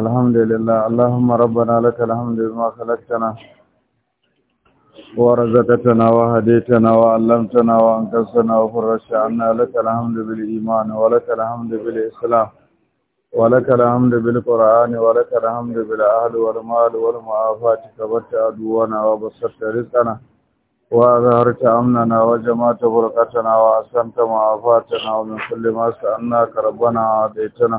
الحمد لله اللهم ربنا لك الحمد بما خلقتنا ورزقتنا وهديتنا وعلمتنا وانقذتنا وفرجت عنا لك الحمد بالإيمان ولك الحمد بالإسلام ولك الحمد بالقرآن ولك الحمد بالأهل والمال والمعافاة كبرت أدوانا وبسطت رزقنا وأظهرت أمننا وجمعت برقتنا وأحسنت معافاتنا ومن كل ما سألناك ربنا عاديتنا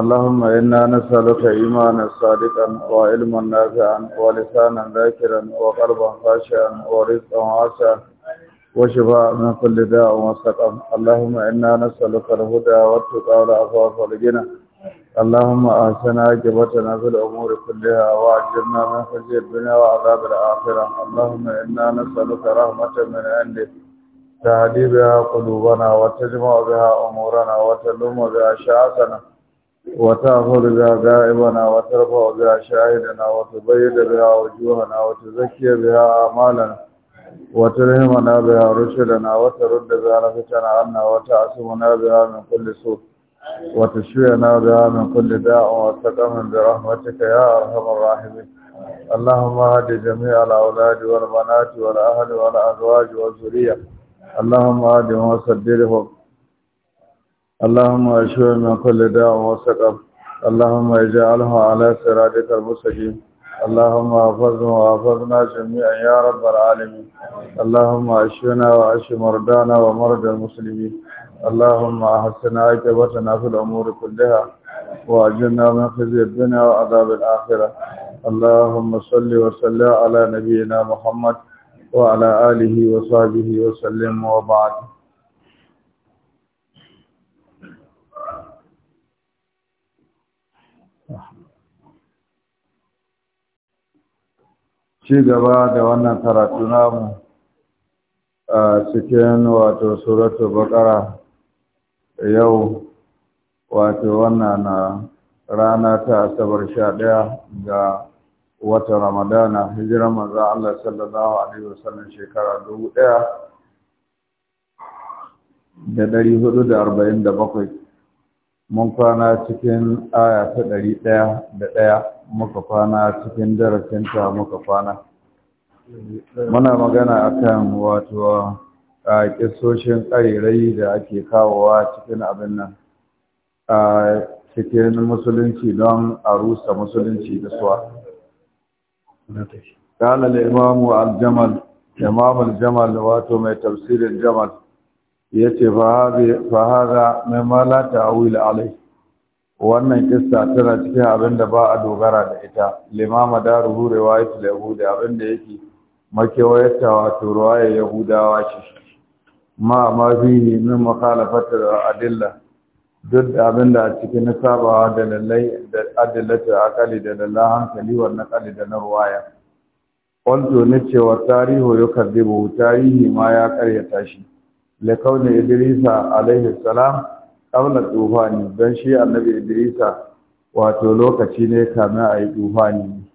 اللهم إنا نسألك إيمانا صادقا وعلما نافعا ولسانا ذاكرا وقلبا خاشعا ورزقا واسعا وشفاء من كل داء وسقم اللهم إنا نسألك الهدى والتقى والعفاف والغنى اللهم أحسن عاقبتنا في الأمور كلها وأجرنا من خزي الدنيا وعذاب الآخرة اللهم إنا نسألك رحمة من عندك تهدي بها قلوبنا وتجمع بها أمورنا وتلم بها شعثنا وتأخذ بها غائبنا وترفع بها شاهدنا وتبيد بها وجوهنا وتزكي بها أعمالنا وتلهمنا بها رشدنا وترد بها لفتنا عنا وتعصمنا بها من كل سوء وتشفينا بها من كل داء وتقمن برحمتك يا أرحم الراحمين اللهم هد جميع الأولاد والبنات والأهل والأزواج والذرية اللهم هدهم وسددهم اللهم اشفه من كل داء وسقم اللهم اجعله على صراطك المستقيم اللهم احفظه واحفظنا جميعا يا رب العالمين اللهم اشفنا واشف مرضانا ومرضى المسلمين اللهم احسن عاقبتنا في الامور كلها واجرنا من خزي الدنيا وعذاب الاخره اللهم صل وسلم على نبينا محمد وعلى اله وصحبه وسلم وبعد ci gaba da wannan karatu namu a cikin wato suratul baqara yau wato wannan na rana ta asabar sha ɗaya ga wata ramadana hijirar manzo Allah sallallahu alaihi wasallam shekara dubu ɗaya da ɗari hudu da arba'in da bakwai mun kwana cikin aya ta ɗari ɗaya da ɗaya muka kwana cikin darasinta muka kwana muna magana akan wato a kisoshin da ake kawowa cikin abin nan a cikin musulunci don a rusa musulunci da suwa قال الإمام الجمل إمام الجمل واتو Jamal, تفسير الجمل يتي فهذا مما لا تعويل عليه wannan kissa tana cikin abin da ba a dogara da ita limama da ruhu riwayatul yahudi abin da yake makewayarta wato riwayar yahudawa ce ma ma fihi min a adilla duk da abin da a cikin sabawa da lallai da a kali da lallai hankali wa kali da na ruwaya wanto ne cewa ya yukadibu tarihi ma ya karyata shi lakauna idrisa alaihi salam ƙabla tsufani don shi annabi idrisa wato lokaci ne kamar a yi tsufani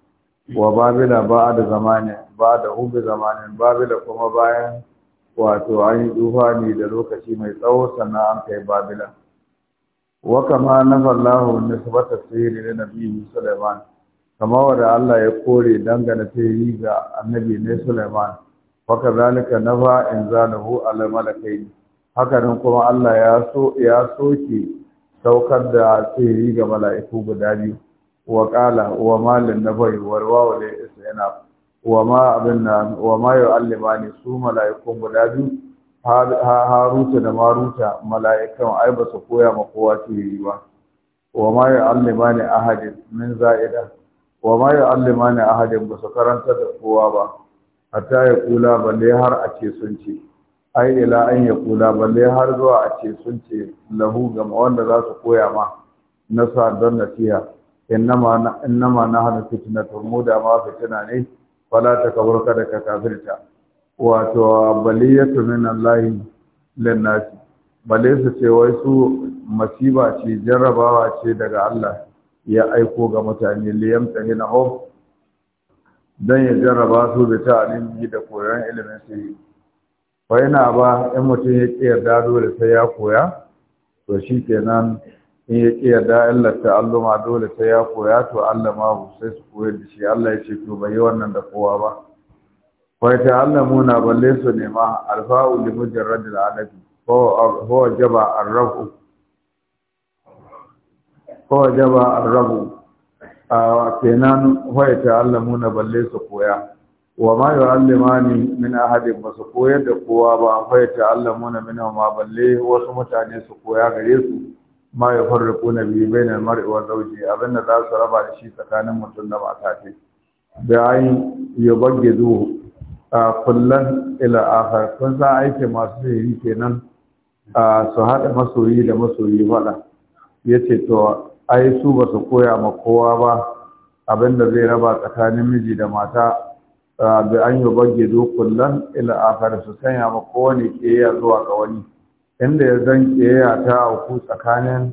wa babila ba da zamanin ba da hube zamanin babila kuma bayan wato an yi tsufani da lokaci mai tsawo sannan an kai babila wa kama na fallahu nisbata sihiri da nabi sulaiman kama wanda Allah ya kore dangane ta yi ga annabi ne sulaiman wa kazalika nafa inzalahu ala ne. nan kuma Allah ya so ya soke saukar da sihiri ga mala'iku guda biyu wa qala wa malin nabai warwa wal isna wa ma abinna wa ma yu'allimani su mala'ikun guda biyu Ha haruta da maruta mala'ikan ai ba su koya ma kowa sihiri ba wa ma yu'allimani ahadin min za'ida wa ma yu'allimani ahadin ba su karanta da kowa ba hatta ya kula balle har a ce sun ce ai ila an ya kula balle har zuwa a ce sun ce lahu ga wanda za su koya ma nasa don na nasiha innama na fitina to mu da ma fitina ne fala ta kada ka kafirta wato baliyatu ya Allah lin nasi balle su ce wai su masiba ce jarrabawa ce daga Allah ya aiko ga mutane liyam na hof don ya jarraba su bi ta'alimi da koyon ilimin su Ba yana ba in mutum ya ƙi yarda dole sai ya koya to shi kenan in ya ƙi yarda illar alluma dole sai ya koya to Allah ma sai su koyar da shi Allah ya ce to bai yi wannan da kowa ba Allah mu na balle su nema alfa'u li mujarrad al-adabi huwa jaba ar ko huwa jaba ar-rafu kenan mu na balle su koya wa ma yu'allimani min ahadin ba su koyar da kowa ba fa ta'allamuna minhum ma balle wasu mutane su koya gare su ma na bi bainal mar'i wa zawji abinda za su raba da shi tsakanin mutum da mata ce da ai yubaggidu kullan ila akhar kun sa aike masu yi kenan su haɗa masoyi da masoyi faɗa yace to ai su ba su koya ma kowa ba abinda zai raba tsakanin miji da mata bi an yi bagge dukullan ila akhar su sanya wani ke ya zuwa ga wani inda ya zan ya ta auku tsakanin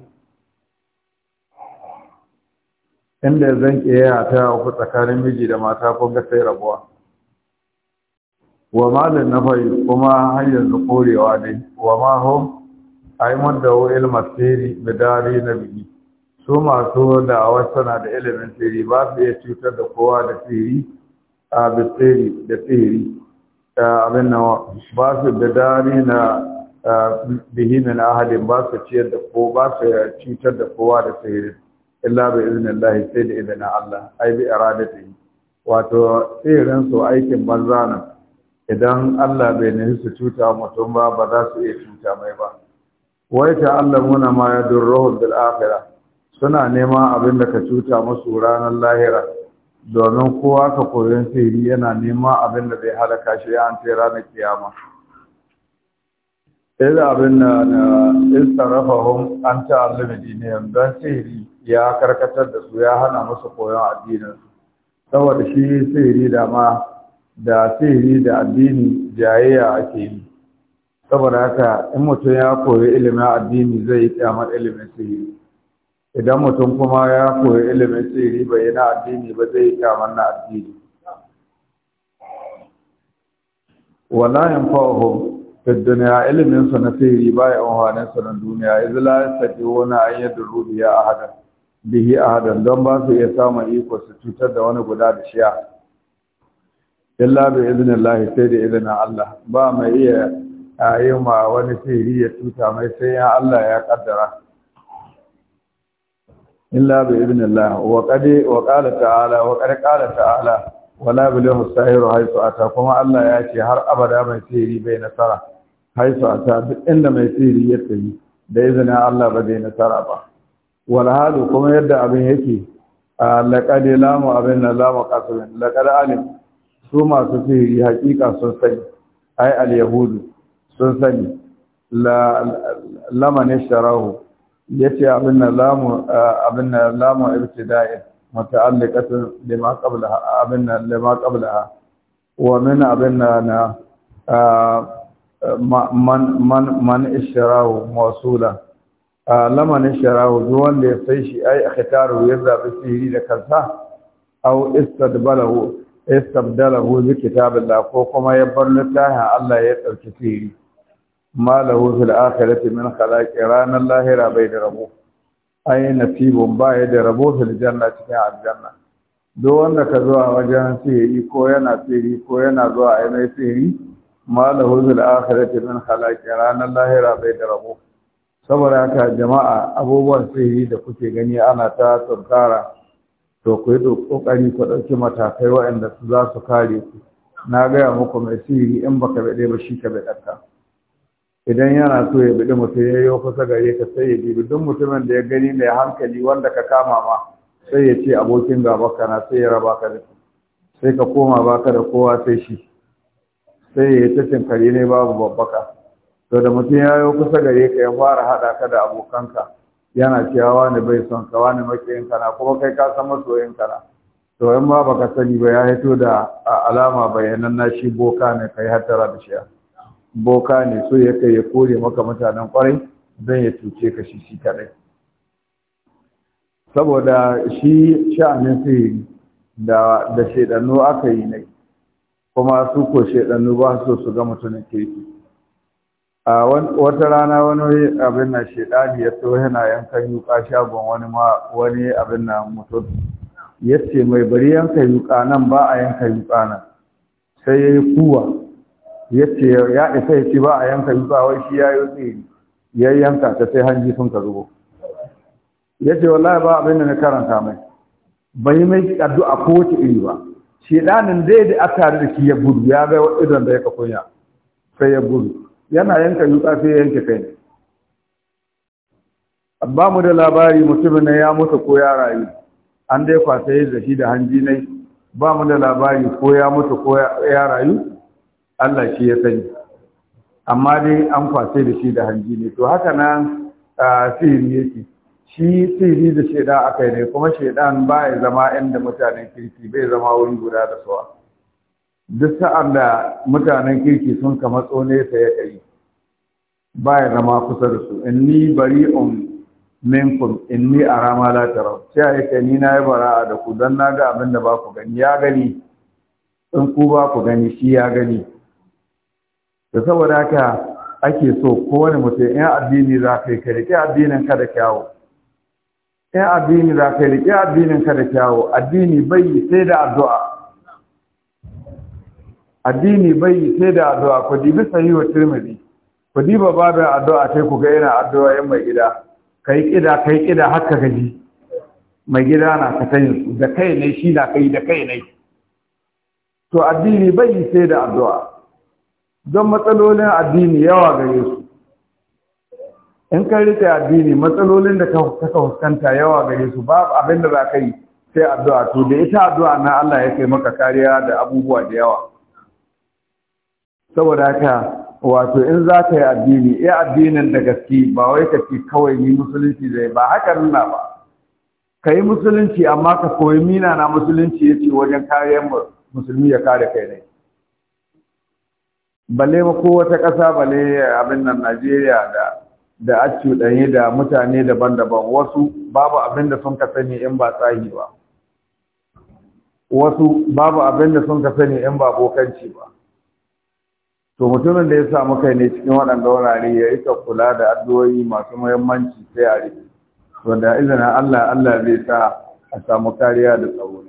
inda ya zan ya ta auku tsakanin miji da mata ko ga sai rabuwa wa na nafai kuma har yanzu korewa dai wa ma ho? ai da wa ilma sirri na nabi su masu da suna da ilimin siri ba su iya cutar da kowa da siri a bitsiri da tsiri abin nan ba su da dani na bihimin ahalin ba su ciyar da ko ba su cutar da kowa da tsiri illa bi iznillahi sai da izinin Allah ai bi iradatihi wato tsirin su aikin banza nan idan Allah bai nahi su cuta mutum ba ba za su iya cuta mai ba wai ta Allah muna ma yadurruhum bil akhirah suna neman abin da ka cuta musu ranar lahira domin kowa ka koyon sihiri yana neman abin da zai halaka shi ya ce ranar kiyama idan abin da na hun an ta'allumi dinihim don sihiri ya karkatar da su ya hana musu koyon addinin saboda shi sihiri da ma da sihiri da addini jayayya ake yi saboda haka in mutum ya koyi ilimin addini zai yi kyamar ilimin sihiri idan mutum kuma ya koyi ilimin tsiri bai yi na addini ba zai yi kyaman na addini wala yin fa'ahum fi duniya ilimin sa na tsiri ba ya amfanin sa na duniya iz la yastati'una an yadru a ahadan bihi ahadan don ba su iya samun iko su cutar da wani guda da shiya illa bi lahi sai da izinin Allah ba mai iya ma wani sirri ya cuta mai sai ya Allah ya kaddara illa bi idnillah wa qad wa qala ta'ala wa qad qala ta'ala wala bilahu sahiru haisu ata kuma Allah ya ce har abada mai sihiri bai nasara haisu ata duk inda mai sihiri ya tafi. da izina Allah ba zai nasara ba wal halu kuma yadda abin yake laqad lamu abin na lamu qasrin laqad alim su masu sihiri hakika sun sani ai al yahudu sun sani la lamane sharahu yace abin nan lamu abin nan lamu ibtida'i muta'alliqatun lima qablaha abin nan lima qablaha wa min abin nan man man man ishrahu mawsula laman ishrahu duk da ya sai shi ai akhtaru ya zabi sihiri da kansa aw istadbalahu istabdalahu bi kitabillah ko kuma ya bar littafin Allah ya dauki sihiri ma lahu fil akhirati min khalaqi ranar lahira bai da rabo nasibun ba ya da rabo fil janna cikin aljanna do wanda ka zo a wajen sihiri ko yana sihiri ko yana zuwa a yana sihiri ma lahu fil akhirati min khalaqi ranar lahira bai da saboda haka jama'a abubuwan sihiri da kuke gani ana ta tsirkara to ku yi kokari ku dauki matakai waɗanda su za su kare ku na gaya muku mai sihiri in baka baɗe ba shi ka baɗaka idan yana so ya bidi mutum ya yi kusa gare ka sai ya dibi duk mutumin da ya gani mai hankali wanda ka kama ma sai ya ce abokin gaba kana sai ya raba ka da sai ka koma baka da kowa sai shi sai ya yi ta ne babu babbaka to da mutum ya yi kusa gare ka ya fara haɗa ka da abokanka yana cewa wani bai son ka wani makiyin kana kuma kai ka san masoyin kana to in ma baka sani ba ya hito da alama bayanan na shi boka ne kai hattara da shi boka ne so ya kai ya kore maka mutanen kwarai don ya cuce ka shi shi kadai saboda shi sha'anin sihiri da da shedanu aka yi ne kuma su ko shedanu ba so su ga mutumin kirki a wata rana wani abin na shedani ya so yana yankan yuka shagon wani ma wani abin na mutum ya ce mai bari yanka yuka nan ba a yanka yuka nan sai ya yi kuwa ya ce ya isa ya ce ba a yanka ba wai shi ya yi tsiri ya yanka ta sai hanji sun ka zubo ya ce wallahi ba abin da na karanta mai Bai yi mai addu'a ko wace iri ba shedanin dai da aka tare da shi ya gudu ya ga idan da ya ka kunya sai ya gudu yana yanka yusa sai ya yanke kai ne ba mu da labari mutumin na ya mutu ko ya rayu an dai kwasa da shi da hanji nai ba mu da labari ko ya mutu ko ya rayu Allah shi ya sani amma dai an kwace da shi da hanji ne to haka nan sihiri yake shi sihiri da sheda aka yi ne kuma shaidan ba ya zama inda mutanen kirki bai zama wurin guda da sawa duk sa'an da mutanen kirki sun kama tsone ta ya kai ba ya zama kusa da su inni bari'un minkum inni ara ma la tara sai ya kai ni na yi bara'a da ku dan na ga abin da ba ku gani ya gani in ku ba ku gani shi ya gani da saboda haka ake so kowane mutum ya addini za ka yi ka riƙe addinin ka da kyawo ya addini za ka yi riƙe addinin ka da kyawo addini bai sai da addu'a addini bai sai da addu'a ku dibi sahihu tirmidhi ku diba babin addu'a sai ku ga yana addu'a yan mai gida kai kida kai kida haka gaji mai gida na ka tayin da kai ne shi na kai da kai ne to addini bai sai da addu'a don matsalolin addini yawa gare su in ka rike addini matsalolin da ka fuskanta yawa gare su ba abin da za ka yi sai addu'a to da ita addu'a na Allah ya kai maka kariya da abubuwa da yawa saboda haka wato in za ka yi addini iya addinin da gaske ba wai ka ce kawai ni musulunci zai ba haka nuna ba ka yi musulunci amma ka koyi mina na musulunci ya ce wajen kariyar musulmi ya kare kai ne balle ma ko wata ƙasa balle abin nan Najeriya da da a cuɗanye da mutane daban-daban wasu babu abin da sun ka sani in ba tsahi ba wasu babu abin da sun ka sani in ba bokanci ba to mutumin da ya samu kai ne cikin waɗanda wurare ya isa kula da addu'o'i masu muhimmanci sai a rike to da izinin Allah Allah zai sa a samu kariya da tsaro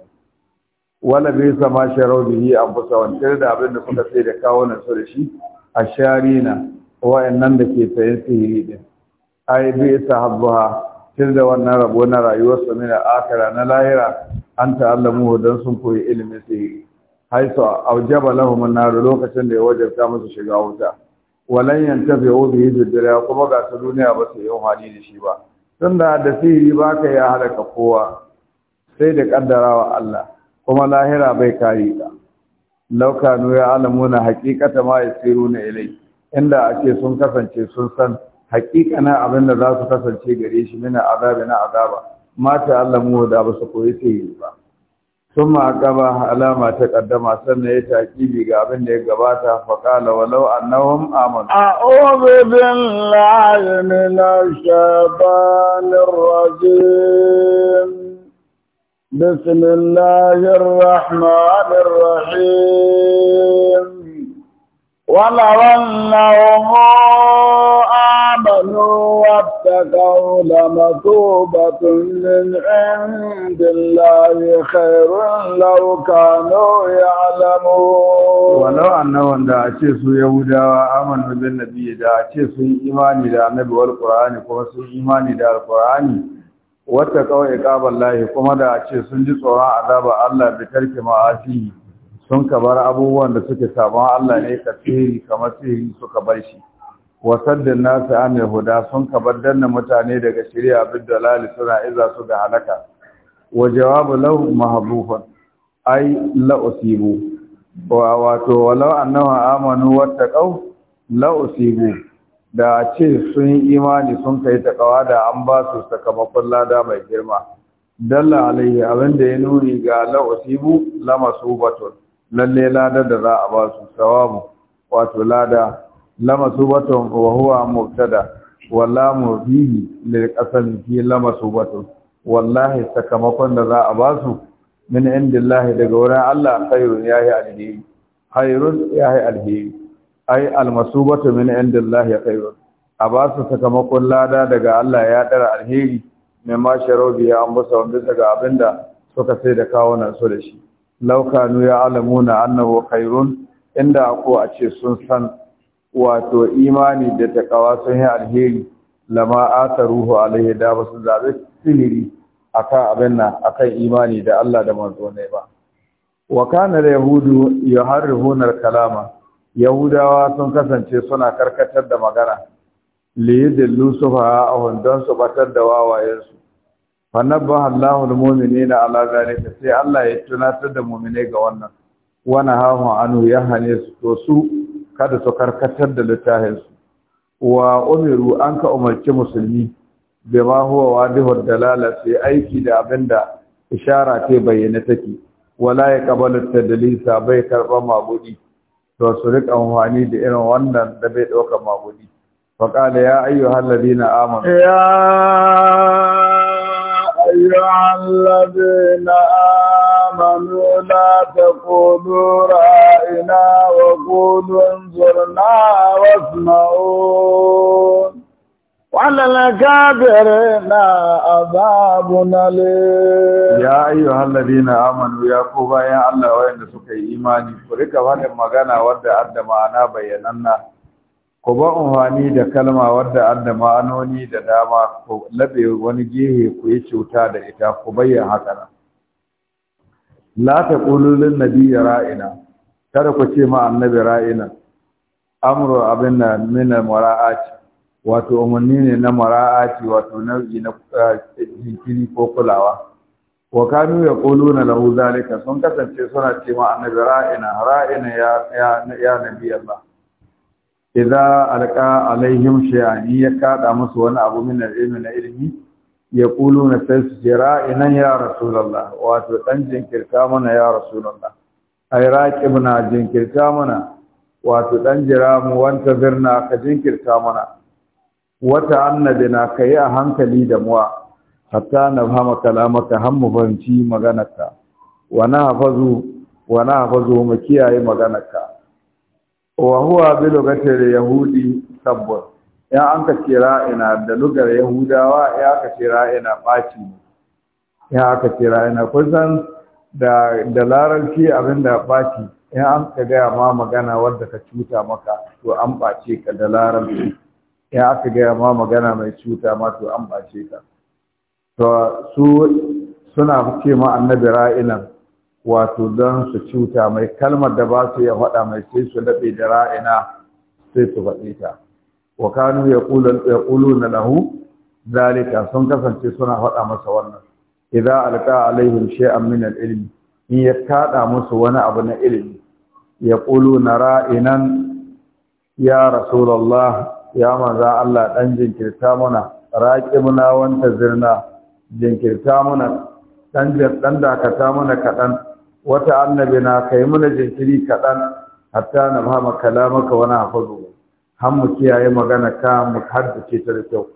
wala bai sama sharau bihi an fusa tare da abin da suka sai da kawo na su da shi a sharina nan da ke sayan sihiri din ai bai sa habbuha tun da wannan rabo na rayuwarsa mina akara na lahira an ta'allamu don sun koyi ilimin sihiri so aujaba lahum an-nar lokacin da ya wajarta musu shiga wuta walan bai bihi da dare, kuma ga su duniya ba su yi hali da shi ba tunda da sihiri ba ka ya halaka kowa sai da kaddarawa Allah kuma lahira bai kare ka laukanu ya alamuna haƙiƙata ma ya tsiru na ilai inda ake sun kasance sun san na abin da za su kasance gare shi mina azabi na azaba mata alamu da ba su koyi ta yi ba sun ƙaba alama ta ƙaddama sannan ya taƙibi ga abin da ya gabata faƙala walau annahum amanu a'udhu billahi na shaɓanin rajim بسم الله الرحمن الرحيم ولو أنهم آمنوا واتقوا لمثوبة من عند الله خير لو كانوا يعلمون ولو أنهم دا أشيسوا يهودا آمنوا بالنبي دا أشيسوا إيماني دا نبي والقرآن كما سوء إيماني دا القرآن wata kawai iqabar lahi kuma da ce sun ji tsoron azaba Allah bi tarki ma'asi sun ka bar abubuwan da suke sabon Allah ne ka tsiri kamar tsiri suka bar shi wasaddin nasu amir huda sun ka bar danna mutane daga shari'a bid dalali suna iza su ga halaka wa jawabu lahu mahdhufun ai la usibu wato walau annahu amanu wattaqau la usibu da ce sun yi imani sun kai ta takawa da an ba su sakamakon lada mai girma dalla alaihi abin da ya nuni ga la'usibu lama subatun lalle lada da za a ba su sawabu wato lada lama subatun wa huwa mubtada walla mubihi lil qasam fi lama subatun wallahi sakamakon da za a ba su min indillahi daga wurin Allah khairun yahi alheri khairun yahi alheri ai almasubatu min indillahi khairun a ba su sakamakon lada daga Allah ya dara alheri mai ma sharobi ya an wanda daga abinda suka sai da kawunan su da shi laukanu ya alamuna annahu khairun inda ko a ce sun san wato imani da takawa sun yi alheri lama ataruhu alaihi da ba su zabe sihiri akan abin nan akan imani da Allah da manzo ne ba wa kana yahudu yuharrifuna kalama yahudawa sun kasance suna karkatar da magana liyidillu Lusufa a hundun su batar da wawayensu mumini na na zane ka sai Allah ya tunatar da mu'minai ga wannan Wani hahu anu ya hane su to su kada su karkatar da littafinsu wa umiru an ka umarci musulmi ma huwa wadihud dalala sai aiki da abinda ishara ke bayyana take wala ya qabalu dalisa bai karɓar mabudi to su rika amfani da irin wannan da bai ɗaukar فقال يا أيها الذين آمنوا يا أيها الذين آمنوا لا تقولوا رأينا وقولوا انظرنا واسمعون وعلى الكافرين عذاب يا أيها الذين آمنوا يا كوبا يا الله وين سكي إيماني فريكا وانا مغانا ودى معنا ku ba umfani da kalma wadda an da ma'anoni da dama ku labe wani gehe ku yi cuta da ita ku bayyana haka la ta kululun nabiyyi ra'ina kada ku ce ma annabi ra'ina amru abinna min al wato umarni ne na mara'ati wato nau'i na eh, jinkiri ko kulawa wa kanu ya kolo na lahu zalika sun kasance suna ce ma annabi ra'ina ra'ina ya ya nabi Allah idza alqa alaihim shay'an ya kada musu wani abu min ilmi na ilmi ya kolo na tasjira ina ya rasulullah wato dan jinkirta mana ya rasulullah ay raqibna jinkirta mana wato dan jira mu wanta birna ka jinkirta mana wata annabi na kai a hankali da muwa hatta na fahama kalamaka har mu fahimci maganarka wa na hafazu wa na hafazu mu kiyaye maganarka wa huwa bi lugatil yahudi sabbun ya an ka kira ina da lugar yahudawa ya ka kira ina baci ya ka kira ina kusan da da larabci abinda baci ya an ka gaya ma magana wadda ka cuta maka to an bace ka da larabci in aka gaya ma magana mai cuta ma to an bace ka to su suna ce ma annabi ra'inan wato don su cuta mai kalmar da ba su ya faɗa mai sai su daɗe da ra'ina sai su faɗi ta wa kanu na lahu zalika sun kasance suna faɗa masa wannan Idan alƙa alaihim shay'an min al in ya kaɗa musu wani abu na ilimi Ya na ra'inan ya rasulullah ya manza Allah dan jinkirta muna wanta zirna jinkirta muna dan dan dakata muna kaɗan, wata annabi na kai muna jinkiri kaɗan, hatta na ba maka kalamaka wani hafazu har mu kiyaye magana ka mu haddace ta da kyau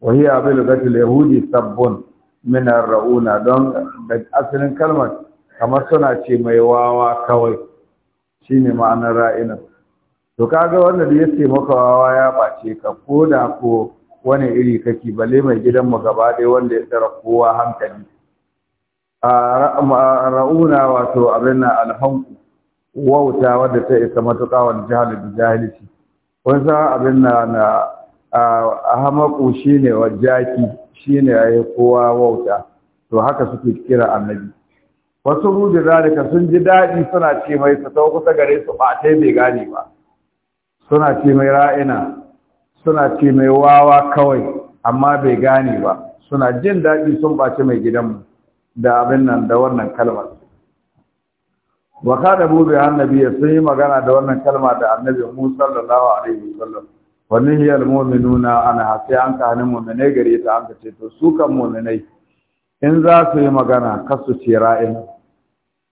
wa hiya bil gatil yahudi sabbun min rauna don da asalin kalmar kamar suna ce mai wawa kawai shine ma'anar ra'ina to kaga wanda da ce maka wawa ya bace ka ko da ko wani iri kake balle mai gidan mu gaba ɗaya wanda ya tsara kowa hankali a ra'una wato abin alhanku wauta wadda ta isa matuƙa wani jihar da jahilci wasu abin na na a hamaku shi ne wa jaki shi kowa wauta to haka suke kira annabi wasu rudu zalika sun ji daɗi suna ce mai su kusa gare su ba tai bai gane ba suna ce mai ra'ina suna ce mai wawa kawai amma bai gane ba suna jin daɗi sun ɓace mai gidanmu da abin nan da wannan kalmar wa da bube annabi sun yi magana da wannan kalma da annabi Musa sallallahu alaihi wani wa nihiyal nuna ana sai an ka hannun mu'mine gare ta an ka ce to su kan mu'minai in za su yi magana kasu ce ra'in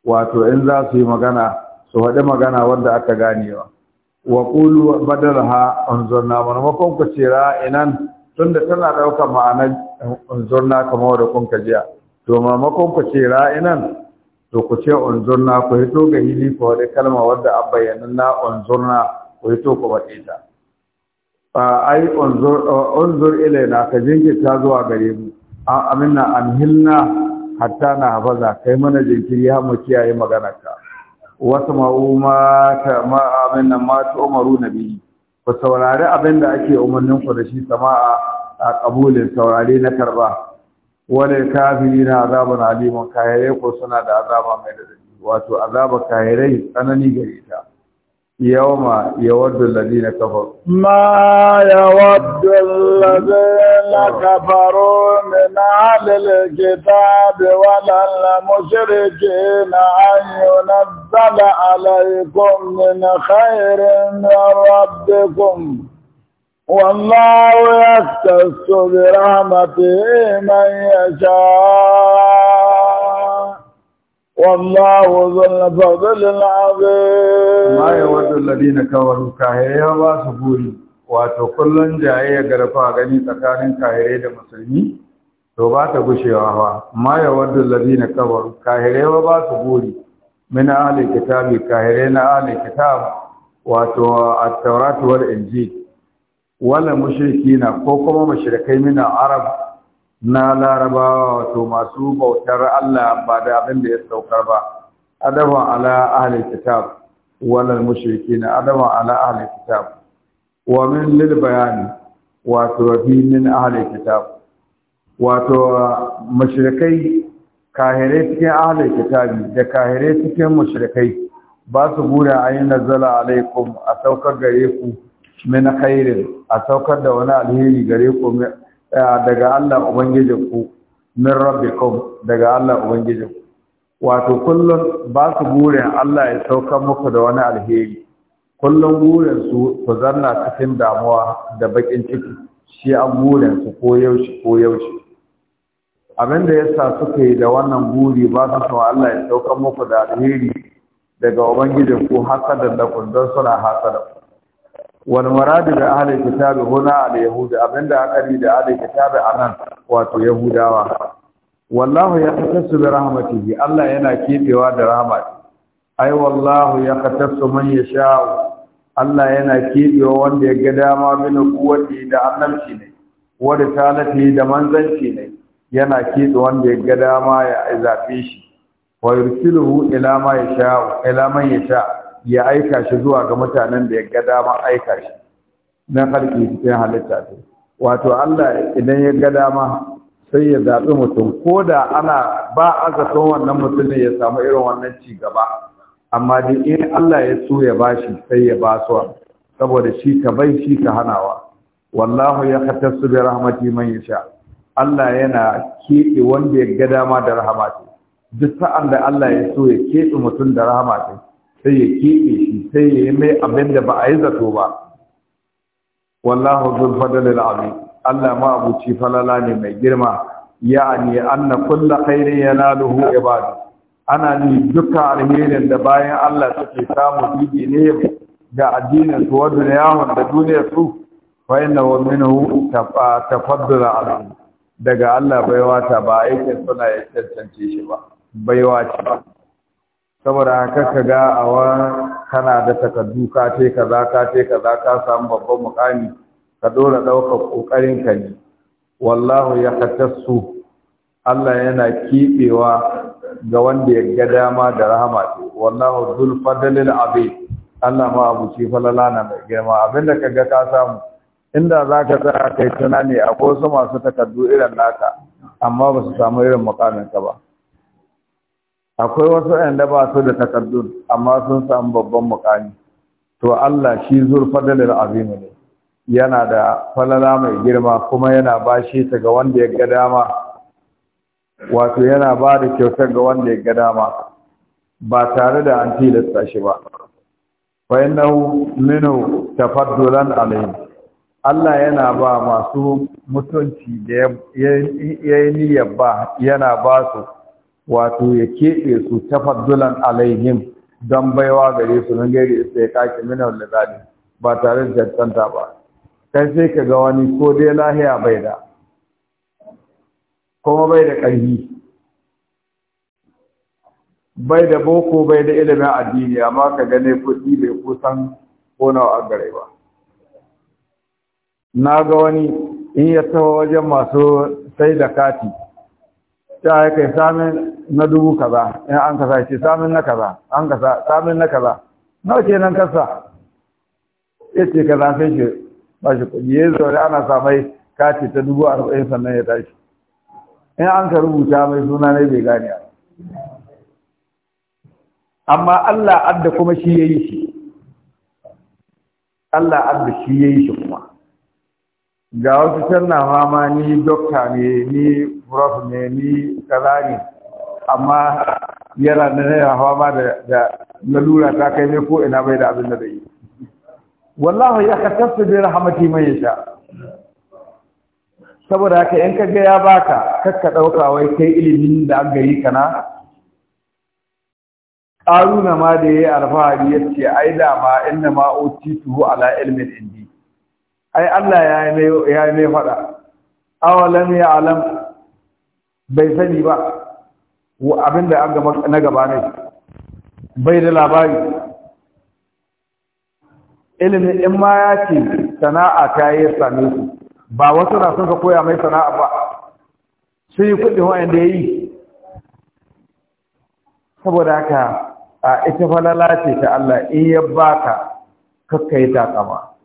wato in za su yi magana su haɗi magana wanda aka ganewa wa qulu badalaha anzurna makon ku ce inan tunda tana ɗaukar ma'anar unzurna kamar da kun ka jiya to maimakon ku ce inan, to ku ce unzurna ku hito ga hili ku wani kalma wadda a bayyana na unzurna ku hito ku baɗe ta ai unzur ilaina ka jinkirta zuwa gare mu amina an hilna hatta na hafaza kai mana jinkiri har mu kiyaye maganarka wasu ma'uma ta ma'amin nan mata umaru na biyu ku saurari abin da ake umarnin ku da shi sama'a a kabulin saurari na karba wani kafiri na azaban aliman kayarai ko suna da azaba mai da wato azaba kayarai tsanani gare ta يوم يود الذين كفروا ما يود الذين كفروا من أهل الكتاب ولا المشركين أن ينزل عليكم من خير من ربكم والله يختص برحمته من يشاء والله ذو الفضل العظيم ما يود الذين كفروا كاهيا واسبوري wato kullun jayayya garfa gani tsakanin kahire da musulmi to ba ta gushewa fa ma yawaddu alladhina kafaru kahire wa ba su buri min ahli kitabi kahire na ahli kitab wato at-taurat wal injil wala mushrikina ko kuma mushrikai min arab na laraba wato masu bautar Allah ba da abin da ya saukar ba adaban ala ahli kitab wal mushrikin adaban ala ahli kitab wa min lil bayani wato fi min ahli kitab wato mushrikai kahirai cikin ahli kitabi da kahirai cikin mushrikai ba su gura ayin nazala alaikum a saukar gare ku min khairin a saukar da wani alheri gare ku daga Allah ubangijinku min rabbikum daga Allah ubangijinku wato kullum ba su burin Allah ya saukar muku da wani alheri kullum burinsu su ku zanna cikin damuwa da bakin ciki shi an burin su ko yaushe ko yaushe abin da yasa suka yi da wannan buri ba su so Allah ya saukar muku da alheri daga ubangijinku hasadan da kun don suna hasadan wal muradu da ahlul kitabi huna al yahud abinda akari da ahlul kitabi anan wato yahudawa wallahu yaqtasu bi rahmatihi Allah yana kebewa da rahmati ai wallahu yaqtasu man yasha'u Allah yana kebewa wanda ya ga dama bin kuwati da annabci ne wanda talati da manzanci ne yana kebe wanda ya ga dama ya shi wa yursiluhu ila ila man ya aika shi zuwa ga mutanen da ya ga dama aika shi na harki cikin halitta ce wato Allah idan ya ga dama sai ya zaɓi mutum ko da ana ba a zaton wannan mutumin ya samu irin wannan ci gaba amma dai in Allah ya so ya ba shi sai ya ba su saboda shi ka bai shi ka hanawa wallahu ya khatasu bi rahmati man yasha Allah yana keɓe wanda ya ga dama da rahmati duk sa'an da Allah ya so ya keɓe mutum da rahmati sai ya keɓe shi sai ya yi mai abin da ba a yi zato ba wallahu zul fadlil azim Allah ma ci falala ne mai girma ya'ani anna kullu khairin yanaluhu ibadu ana ni duka alherin da bayan Allah suke samu bibi ne ga addinin su wa duniyahun da duniyar su fa inna wa minhu tafaddul azim daga Allah baiwa ta ba aikin suna ya cancance shi ba baiwa ba. saboda haka ka ga a wani kana da takardu ka ce ka za ka ce ka za ka samu babban mukami ka ɗora ɗaukar ƙoƙarin ka ne wallahu ya su. Allah yana kiɓewa ga wanda ya ga dama da rahama ce wallahu dhul fadlil azim Allah ma abuci falala na mai girma abinda ka ga ka samu inda za ka tsaya kai tunani akwai wasu masu takardu irin naka amma ba su samu irin mukamin ka ba akwai wasu yanda ba su da takardun amma sun samu babban mukami to Allah shi zulfadalil azim ne yana da falala mai girma kuma yana bashi ta ga wanda ya ga dama wato yana ba da kyautar ga wanda ya ga dama ba tare da an tilasta shi ba fa innahu minhu tafaddulan alayhi Allah yana ba masu mutunci da ya yi niyyar ba yana ba su wato ya keɓe su tafaddulan alaihim don baiwa gare su nan gari isa ya kaki da lizali ba tare da jantanta ba kai sai ka ga wani ko dai lahiya bai da kuma bai da ƙarfi bai da boko bai da ilimin addini amma ka gane kuɗi bai kusan kona a gare ba na ga wani in ya taho wajen masu sai da kati ta kai samun na dubu kaza in an kasa ce samin na kaza an kasa samin na kaza nawa kenan kasa yace kaza sai shi ba shi kuɗi yayi da ana samai kati ta dubu arba'in sannan ya tashi in an ka rubuta mai suna ne bai gane ba amma Allah adda kuma shi yayi shi Allah adda shi yayi shi kuma ga wasu can na fama ni dokta ne ni prof ne ni kaza ne amma yana da yana fama da lalura ta kai ne ko ina bai da abin da zai yi wallahu ya ka tafi da rahamati mai yasha saboda haka in kaga ya baka kakka ɗauka wai kai ilimin da an gari kana ƙaruna ma da ya alfahari ya ce ai dama inna ma tuhu ala ilimin indi ai Allah ya yi mai faɗa awalam ya alam bai sani ba abinda an gaba na gaba ne bai da labari ilimin in ma ya ce sana'a ta yi same su ba wasu na sun ka koya mai sana'a ba sun yi kuɗi wa'anda ya yi saboda haka a ita falala ce ta Allah in ya baka kakka yi takama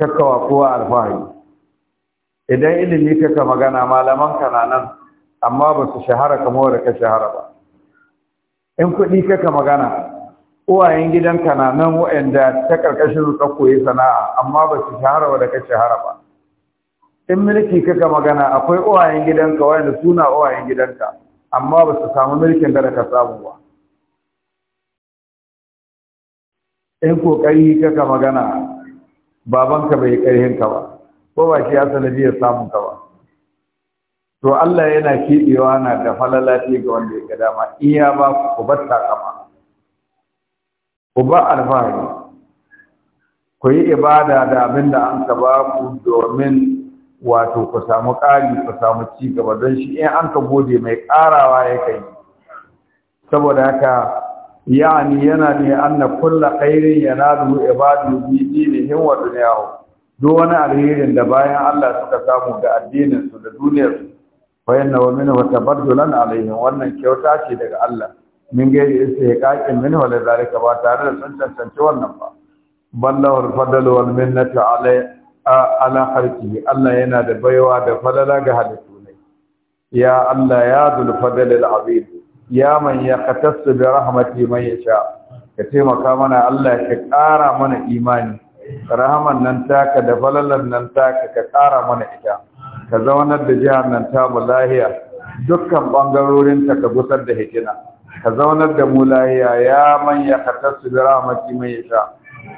kakkawa kowa alfahari idan ilimi kaka magana malaman ka na nan amma ba su shahara kamar da ka shahara ba in kuɗi kaka magana uwayen gidanka na nan waɗanda ta karkashin su koyi sana'a amma ba su shahara da ka shahara ba in mulki kaka magana akwai uwayen gidanka waɗanda suna uwayen gidanka amma ba su samu mulkin da ka samu ba in kokari kaka magana babanka bai karhin ka ba ko ba shi ya sanadiyar samun ka ba to Allah yana keɓewa na da falalati ga wanda ya ga ma iya ba ku bar takama ku ba alfahari ku yi ibada da abin da an ka ba ku domin wato ku samu ƙari ku samu ci gaba don shi in an ka gode mai ƙarawa ya kai saboda haka yani yana ne anna kulla khairin yanalu ibadu bi dinihim wa dunyahu duk wani alherin da bayan Allah suka samu ga addinin su da duniyar su fa yanna wa wa tabaddulan alaihim wannan kyauta ce daga Allah min ya istihqaqin minhu la zalika ba tare da sun tantance wannan ba ballahul fadl wal minnatu alai Allah yana da baiwa da falala ga halittu ne ya Allah ya zul fadl al azim ya man ya katassu bi rahmati man yasha ka taimaka mana Allah ka ƙara mana imani rahaman nan taka da falalan nan taka ka ƙara mana ita ka zaunar da jihar nan ta mu lahiya dukkan bangarorin ta ka gusar da hikima ka zaunar da mu lahiya ya man ya katassu bi rahmati man yasha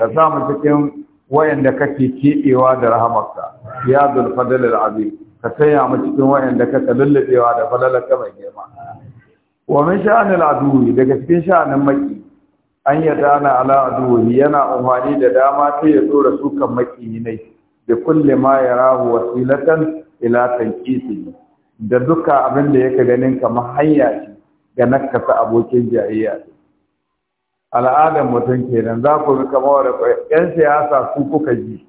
ka sa mu cikin wayanda kake kebewa da rahmarka ya zulfadal azim ka saya mu cikin wayanda kake lullubewa da falalar ka mai girma wa min sha'anil aduwi daga cikin sha'anin maki an ya dana ala aduwi yana umarni da dama ta ya dora su kan maki ne da kulle ma ya rahu wasilatan ila tanqisi da duka abin da yake ganin kamar hanya ce ga nakasa abokin jayayya al'adar mutum kenan za ku rika mawar yan siyasa su kuka ji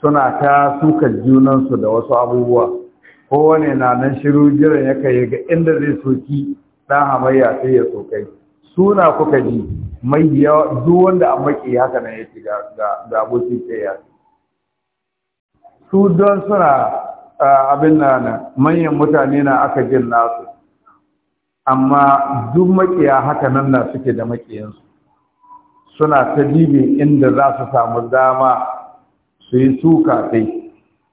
suna ta suka junansu da wasu abubuwa kowane na nan shiru jiran yaka ga inda zai soki dan hamayya sai ya sokai suna kuka ji mai yawa duk wanda an maki haka nan yake ga ga sai ya su don suna abin na manyan mutane na aka jin nasu amma duk makiya haka nan na suke da makiyansu suna ta dibin inda za su samu dama su yi suka sai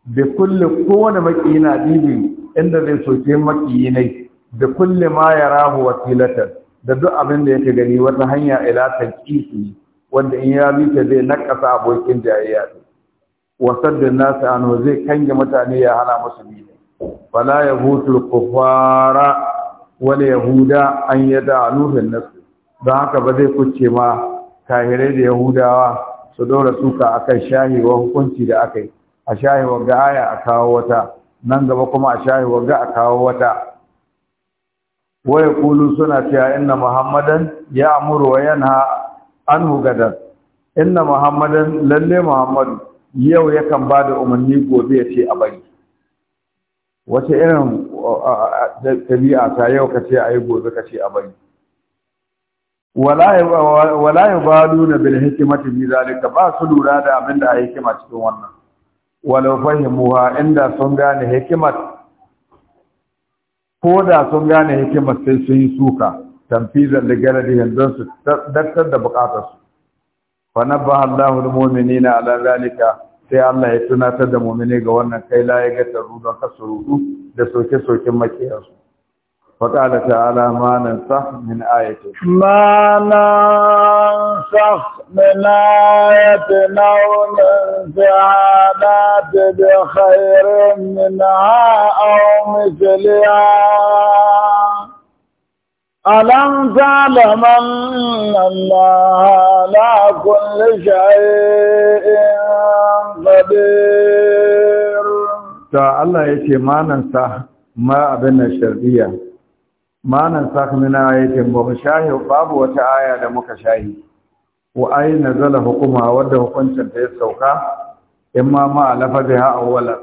da kulle kowane makiyi na dibin inda zai soke makiyi ne da kulle ma ya rahu wasilatar da duk abin da yake gani wata hanya ila kisi wanda in ya bi ta zai nakasa abokin jayayya wasar da nasu anu zai kange mutane ya hana musu bi fala hutu kufara wani yahuda an yi yada nufin nasu don haka ba zai kuce ma kahirai da yahudawa su dora suka akan shahiwa hukunci da aka yi a shahiwa ga aya a kawo wata nan gaba kuma a shahiwa ga a kawo wata waya Kulu suna cewa inna muhammadan ya amuru wa yanha an hugada inna muhammadan lalle muhammadu yau yakan ba da umarni gobe ya ce a bari wace irin tabi'a ta yau ka ce a yi gobe ka ce a bari wala ya ba nuna bil hikimati bi zalika ba su lura da abin da a hikima cikin wannan walau fahimuha inda sun gane hikimar ko da sun gane hikima sai sun yi suka tamfizan da galadi don su daktar da bukatarsu fa nabbaha Allahu al na ala zalika sai Allah ya tunatar da mu'mini ga wannan kai la ya ga don kasu rudu da soke-soken makiyarsu فقال تعالى ما ننسخ من آية ما ننسخ من آية أو ننسعانات بخير منها أو مثلها ألم تعلم أن الله على كل شيء قدير تعالى يتي ما ننسخ ما بين الشرقية manan sakamina ya ba mu shahi babu wata aya da muka shahi wa aina zala hukuma wadda hukuncin ta ya sauka in ma ma a ha awwala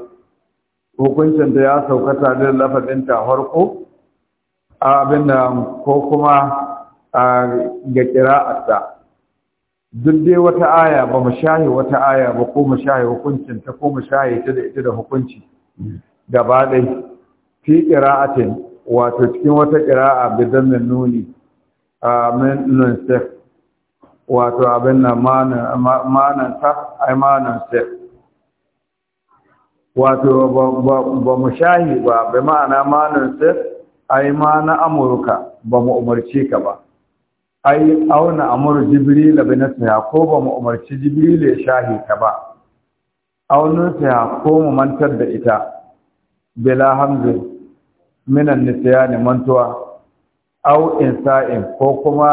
hukuncin ta ya sauka ta da lafazin ta harko abin da ko kuma ga kira'arsa duk dai wata aya ba mu shahi wata aya ba ko mu shahi hukuncin ta ko mu shahi ta da ita da hukunci gaba dai fi ƙira'atin wato cikin wata ƙira'a bidan min nuni a min sef wato abin na manan ta ai manan sef wato ba mu shahi ba bai ma'ana manan sef ai ma na amurka ba mu umarci ka ba ai auna amur jibrila na saya ko ba mu umarci jibril ya shahi ka ba aunun sa ko mu mantar da ita bila hamzin minan nisyani mantuwa aw insa'in ko kuma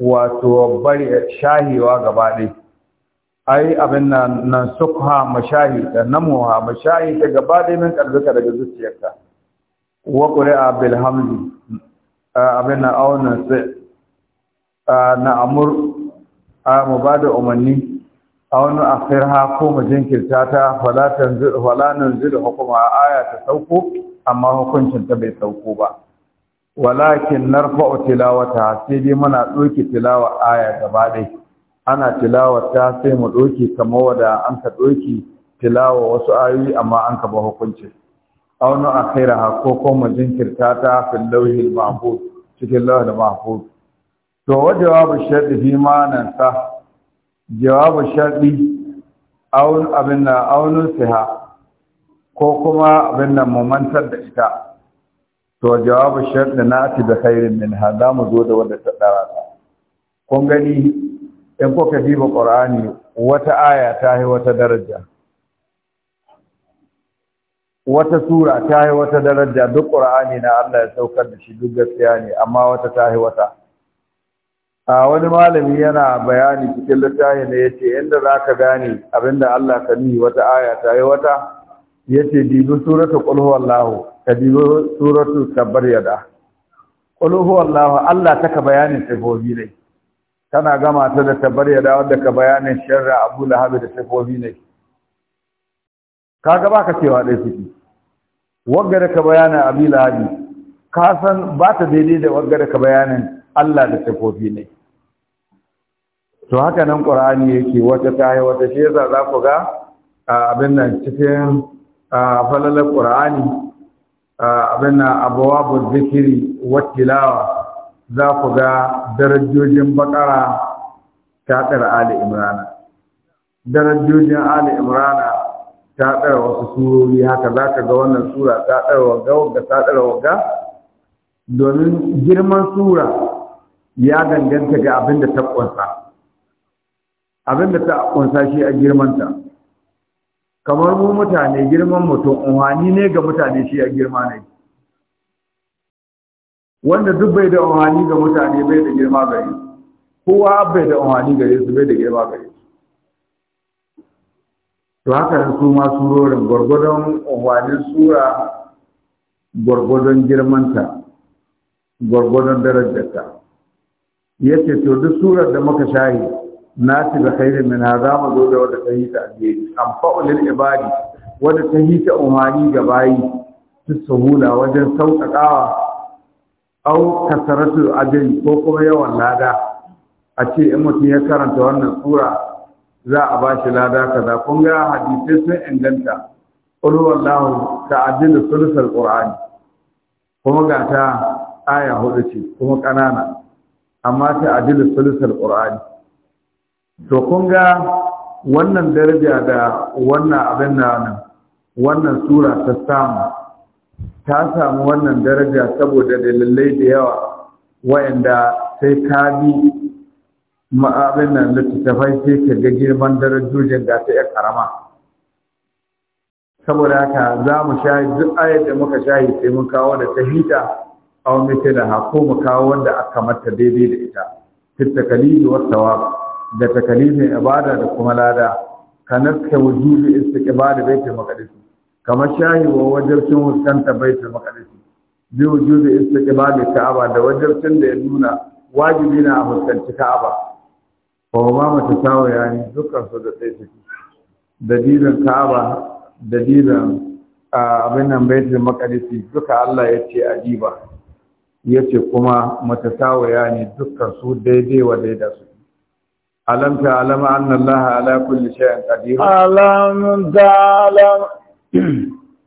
wato bari shahiwa gaba ɗai ai abin nan nan sukha mashahi da namuha mashahi ta gaba ɗai min ka daga zuciyarka wa qur'a bil hamdi abin nan au nan sai na amur mu ba da umarni a wani akhirha ko mu jinkirta ta falanan zuru hukuma aya ta sauko amma hukuncin ta bai sauko ba walakin narfa'u tilawata sai dai muna doke tilawa aya gaba dai ana tilawata sai mu doke kamar wada an ka doke tilawa wasu ayoyi amma an ka ba hukunci aw akhira ha ko ko mu jinkirta ta fil lawhil mahfuz cikin lawhil mahfuz to wa jawabu sharri fi ma nan sa jawabu sharri aun abinna aunu siha ko kuma abin nan mu mantar da ita to jawabu sharɗi na ati da khairin min ha za mu zo da wanda ta dara ta kun gani in kuka diba qur'ani wata aya ta yi wata daraja wata sura ta yi wata daraja duk qur'ani na Allah ya saukar da shi duk gaskiya ne amma wata ta yi wata a wani malami yana bayani cikin littafi ne yace inda zaka gane abinda Allah ka ni wata aya ta yi wata yace dibi suratul qul huwallahu ka dibi suratul tabbar yada qul huwallahu Allah taka bayanin sifofi ne kana gama ta da tabbar yada wanda ka bayanin sharra Abu Lahab da sifofi ne kaga baka cewa dai suke wagga ka bayanin Abu Lahab ka san ba ta daidai da wagga ka bayanin Allah da sifofi ne to haka nan Qur'ani yake wata tayi wata sheza za ku ga abin nan cikin falalar ƙur'ani abin abuwa zikiri watilawa za ku ga darajojin bakara ta ɗara ali imrana darajojin ali imrana ta ɗara wasu surori haka za ka ga wannan sura ta ɗara wagga wagga ta ɗara wagga domin girman sura ya danganta ga abin ta ƙunsa abin da ta ƙunsa shi a girmanta kamar mu mutane girman mutum unhani ne ga mutane shi a girma ne wanda duk bai da unhani ga mutane bai da girma gare kowa bai da unhani gare su bai da girma gare to haka su ma surorin gwargwadon unhanin sura gwargwadon girmanta gwargwadon darajarta yake to duk surar da muka shahi nasi da khairin min za mu zo da wadda ta yi ta alheri amfa'u lil ibadi wadda ta yi ta umarni ga bayi su sahula wajen sauƙaƙawa au kasaratu ajin ko kuma yawan lada a ce in mutum ya karanta wannan sura za a ba shi lada kaza kun ga hadisai sun inganta qul wallahu da sulsal qur'ani kuma ga ta aya hudu ce kuma ƙanana amma da sulsal qur'ani to kun ga wannan daraja da wannan abin nan wannan sura ta samu ta samu wannan daraja saboda dalilai da yawa wa'anda sai ka bi ma'abin nan littattafai sai ka ga girman darajojin da ta karama saboda haka za mu sha duk ayar da muka sha sai mun kawo da tahita aw mithla da ko mu kawo wanda aka mata daidai da ita fit takalidu da takalifin ibada da kuma lada ka naska wujubi istiqbal baitul maqdis kamar shayi, wa wajibcin huskanta baitul maqdis bi wujubi istiqbal ka'aba da wajibcin da ya nuna wajibi na huskanci ka'aba fa ma tawo yani dukkan su da tsaye Da dalilan ka'aba dalilan abin nan baitul maqdis duka Allah ya ce ajiba yace kuma tawo ne dukkan su daidai wa daidai ألم تعلم أن الله على كل شيء قدير ألم تعلم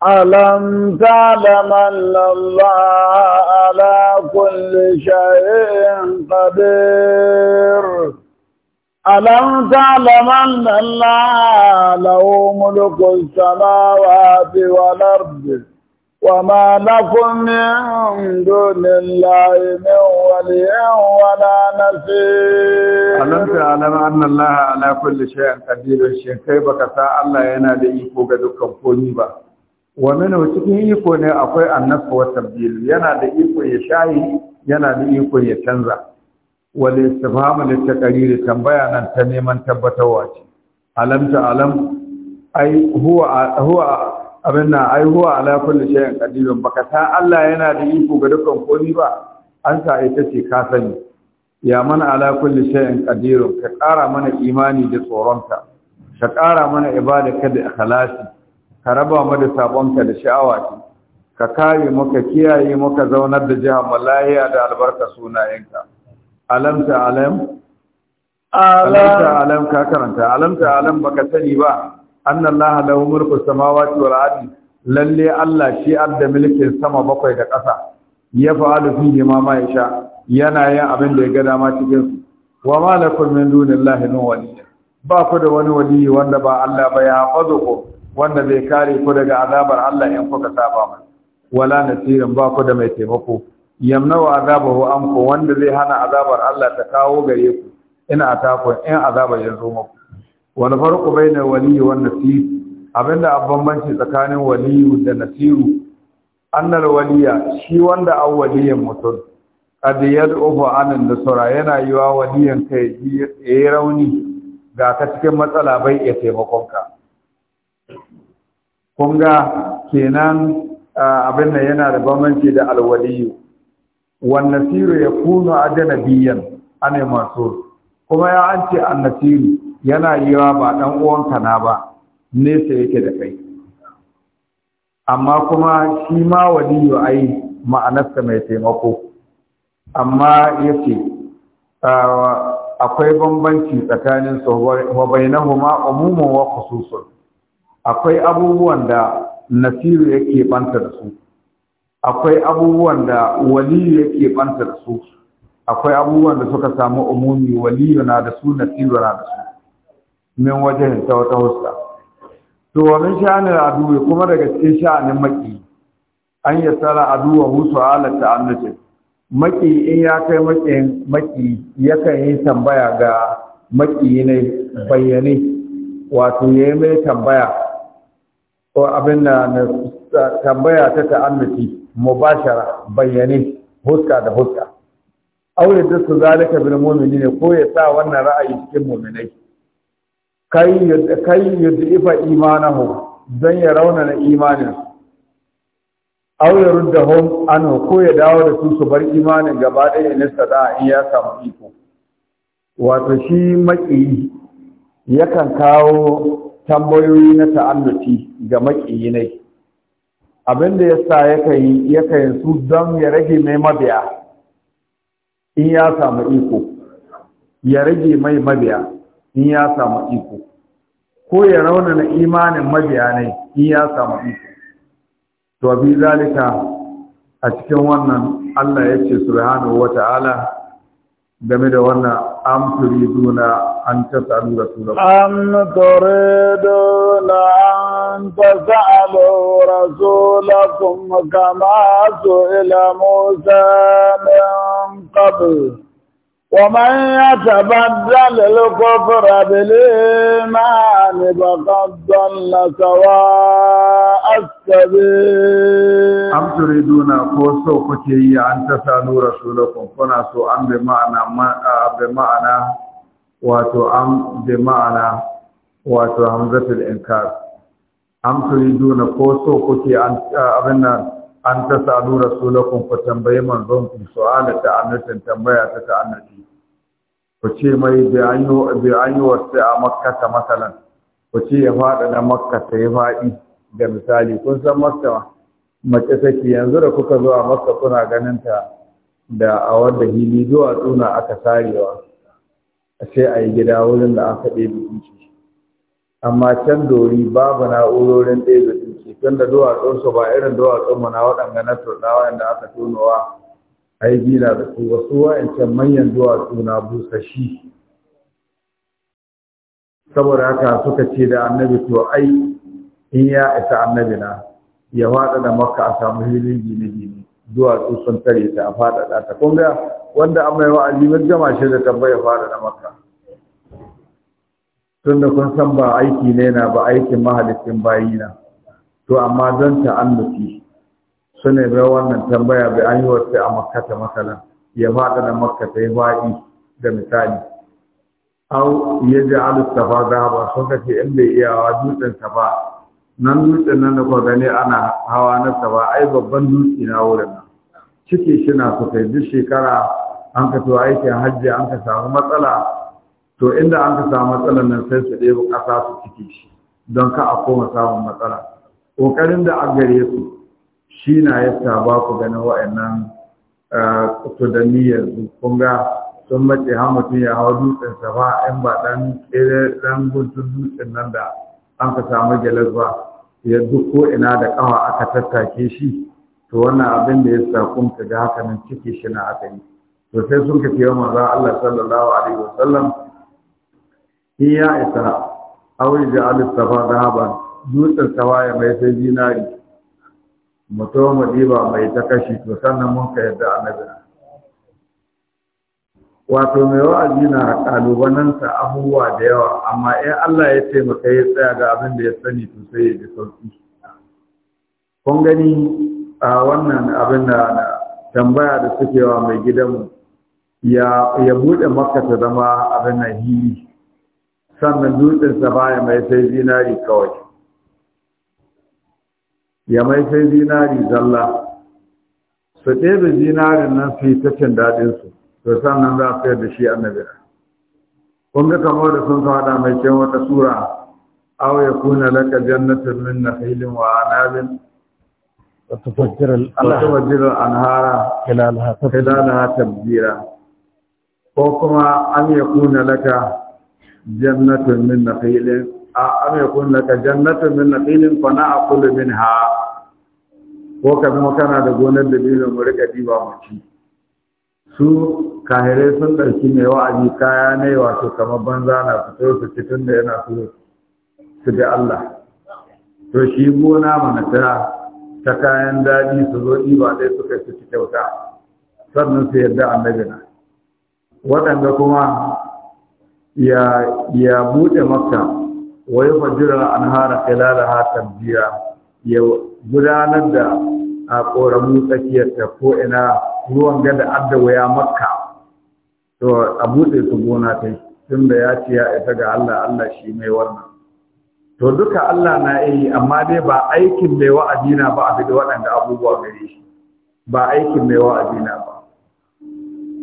ألم تعلم أن الله على كل شيء قدير ألم تعلم أن الله له ملك السماوات والأرض وما لكم من دون الله من ولي ولا نصير ألم تعلم أن الله على كل شيء قدير الشيء كيف كسا الله ينادي إيكو بدك كوني با ومن وتكين إيكو نه أقوي النص والتبديل ينادي إيكو يشاي ينادي إيكو يتنزع والاستفهام للتقرير تنبيا أن تنيما تبتواتي ألم تعلم أي هو هو abin na aihuwa ala kulli shay'in qadir baka ta Allah yana da iko ga dukkan komai ba an sa ita ce ka sani ya mana ala kulli shay'in qadir ka kara mana imani da tsoronka ka kara mana ibada ka da ikhlasi ka raba mu da sabonka da sha'awa ka kare mu ka kiyaye mu ka zaunar da jihar malahiya da albarka sunayenka alam ta alam alam ta alam ka karanta alam ta alam baka sani ba anna allaha lahu mulku samawati wal ardi lalle allah shi adda milkin sama bakwai da ƙasa ya fa'alu fihi ma ma yasha yana yin abin da ya ga dama cikin su wa ma lakum min dunillahi min wali ba ku da wani wali wanda ba allah ba ya ku, wanda zai kare ku daga azabar allah in kuka saba mai wala nasirin ba ku da mai taimako wa azabahu anku wanda zai hana azabar allah ta kawo gare ku ina atakun in azabar ya zo muku Wani farko bai na waliyu wani nasiru abinda bambanci tsakanin waliyu da nasiru Annar waliya shi wanda an waliyan mutum kad yad'u anan da nasara yana yiwa waliyan kai yi rauni ga ka cikin matsala bai iya taimakon ka kun kenan abin da yana da bambanci da alwaliyu Wani nasiru ya a janabiyan? ana mansur kuma ya an ce Nasiru. yana yiwa ba ɗan uwanka na ba nesa yake da kai amma kuma shi ma waliyu ai ma'anarsa mai taimako amma yace akwai bambanci tsakanin su wa bainahuma umumun wa khususun akwai abubuwan da nasiru yake banta da su akwai abubuwan da waliyu yake banta da su akwai abubuwan da suka samu umumi waliyu na da su nasiru na da su min wajen ta wata huska to wa sha'anin aduwi kuma daga cikin sha'anin maki an ya tsara aduwa husu ala annace maki in ya kai maki maki yakan yi tambaya ga maki ne bayyane wato ya yi mai tambaya ko abin da tambaya ta annace mubashara bayyane huska da huska aure da su zalika bil mu'minin ko ya sa wannan ra'ayi cikin mu'minai kai yadda ifa imanahu dan ya na imanin aw ya rudda hom anhu ko ya dawo da su su bar imanin gaba ɗaya na sada in ya samu iko wato shi maƙiyi yakan kawo tambayoyi na ta'annuti ga maƙiyi ne abinda ya sa yakan yi su don ya rage mai mabiya in ya samu iko ya rage mai mabiya in ya samu iko ko ya rauna na imanin mabiyanai in ya samu iko to bi zalika a cikin wannan Allah ya ce subhanahu wata'ala game da wannan am turiduna an tasalu rasulakum am turiduna an tasalu rasulakum kama ila Musa min qabl ومن يتبدل الكفر بالإيمان فقد ضل سواء السبيل أم تريدون فوسو فكي أن تسألوا رسولكم فنسوا أم بمعنى آه، بمعنى واتو أم بمعنى واتو همزة الإنكار أم تريدون فوسو فكي أن آه، أبنى an ta salu rasulakum ku tambayi manzon ku su'ala ta annatin tambaya ta ta annati ku ce mai bi an yi bi a makka ta ku ce ya fada na makka ta yi fadi da misali kun san makka mace take yanzu da kuka zo a makka kuna ganin ta da a wanda hili zuwa tsuna aka sarewa sai a yi gida wurin da aka ɗebe amma can dori babu na'urorin ɗebe don da duwatsunsu ba irin duwatsunmu na waɗanda na turɗawa inda aka tunowa a yi gina da su wasu wa'ancan manyan duwatsu na busashi saboda haka suka ce da annabi to ai in ya isa annabi na ya faɗa da maka a samu hilin gine-gine duwatsu sun tare ta a faɗaɗa ta kunga wanda an mai wa'azi mai gama shi da tambaya da maka tun da kun san ba aiki ne na ba aikin mahalicin bayi na to amma don ta'annufi ne bai wannan tambaya bai an yi a makkata masalan ya fada na makka ta yi da misali au ya ji za ba sun kace in bai wa dutsen tafa. nan dutsen nan da kwa ana hawa na tafa. ai babban dutse na wurin nan ciki shi na su kai duk shekara an ka to aikin hajji an ka samu matsala to inda an ka samu matsalan nan sai su ɗebo ƙasa su ciki shi don ka a koma samun matsala ƙoƙarin da an gare su shi na yasa ba ku ganin wa'annan eh, tudanni yanzu kun ga sun mace ha mutum ya hawa dutsen sa ba in ba ɗan ƙere ɗan guntun dutsen nan da an ka samu gelas ba ya duk ko ina da ƙawa aka tattake shi to wannan abin da ya sa kun ka ga haka nan ciki shi na aka yi to sai sun ka ce wa manzon Allah sallallahu alaihi sallam in ya isa aure da alistafa zahaban dutsen tawaye mai sai zinari mutum mu diba mai ta kashi to sannan mun ka yadda annabi wato mai wa'azi na kalubanansa abubuwa da yawa amma in Allah ya ce taimaka ya tsaya ga abin da ya sani to sai ya ji sauki kun gani a wannan abin da tambaya da suke wa mai gidanmu ya ya bude maka ta zama abin nan hili sannan dutsen sa baya mai sai zinari kawai ya mai sai zinari zalla su ɗebe zinarin nan su yi ta cin daɗinsu to sannan za su da shi annabi kun ga kamar da sun faɗa mai kyan wata sura aw kuna laka jannatun min nakhilin wa anabin wa tufajjira al-anhara khilalaha tabjira ko kuma an ya kuna laka jannatun min nakhilin a am kuna laka jannatun min nakhilin fa na'kulu minha ko ka kuma kana da gonar da dole mu rika diba mu ci su kahirai sun ɗauki mai wa'azi kaya ne wato kamar banza na fito su ci tun da yana so su ga Allah to shi gona mana ta ta kayan daɗi su zo diba dai suka ci ci kyauta sannan su yarda annabi na waɗanda kuma ya ya buɗe makka wa an hara khilalaha hakan biya gudanar da a ƙoramu tsakiyarta ko ina ruwan gada adda waya makka to a buɗe su gona ta tun da ya ce ya isa ga Allah Allah shi mai wannan to duka Allah na yi amma dai ba aikin mai wa'adi na ba a da waɗanda abubuwa gare shi ba aikin mai wa'azi na ba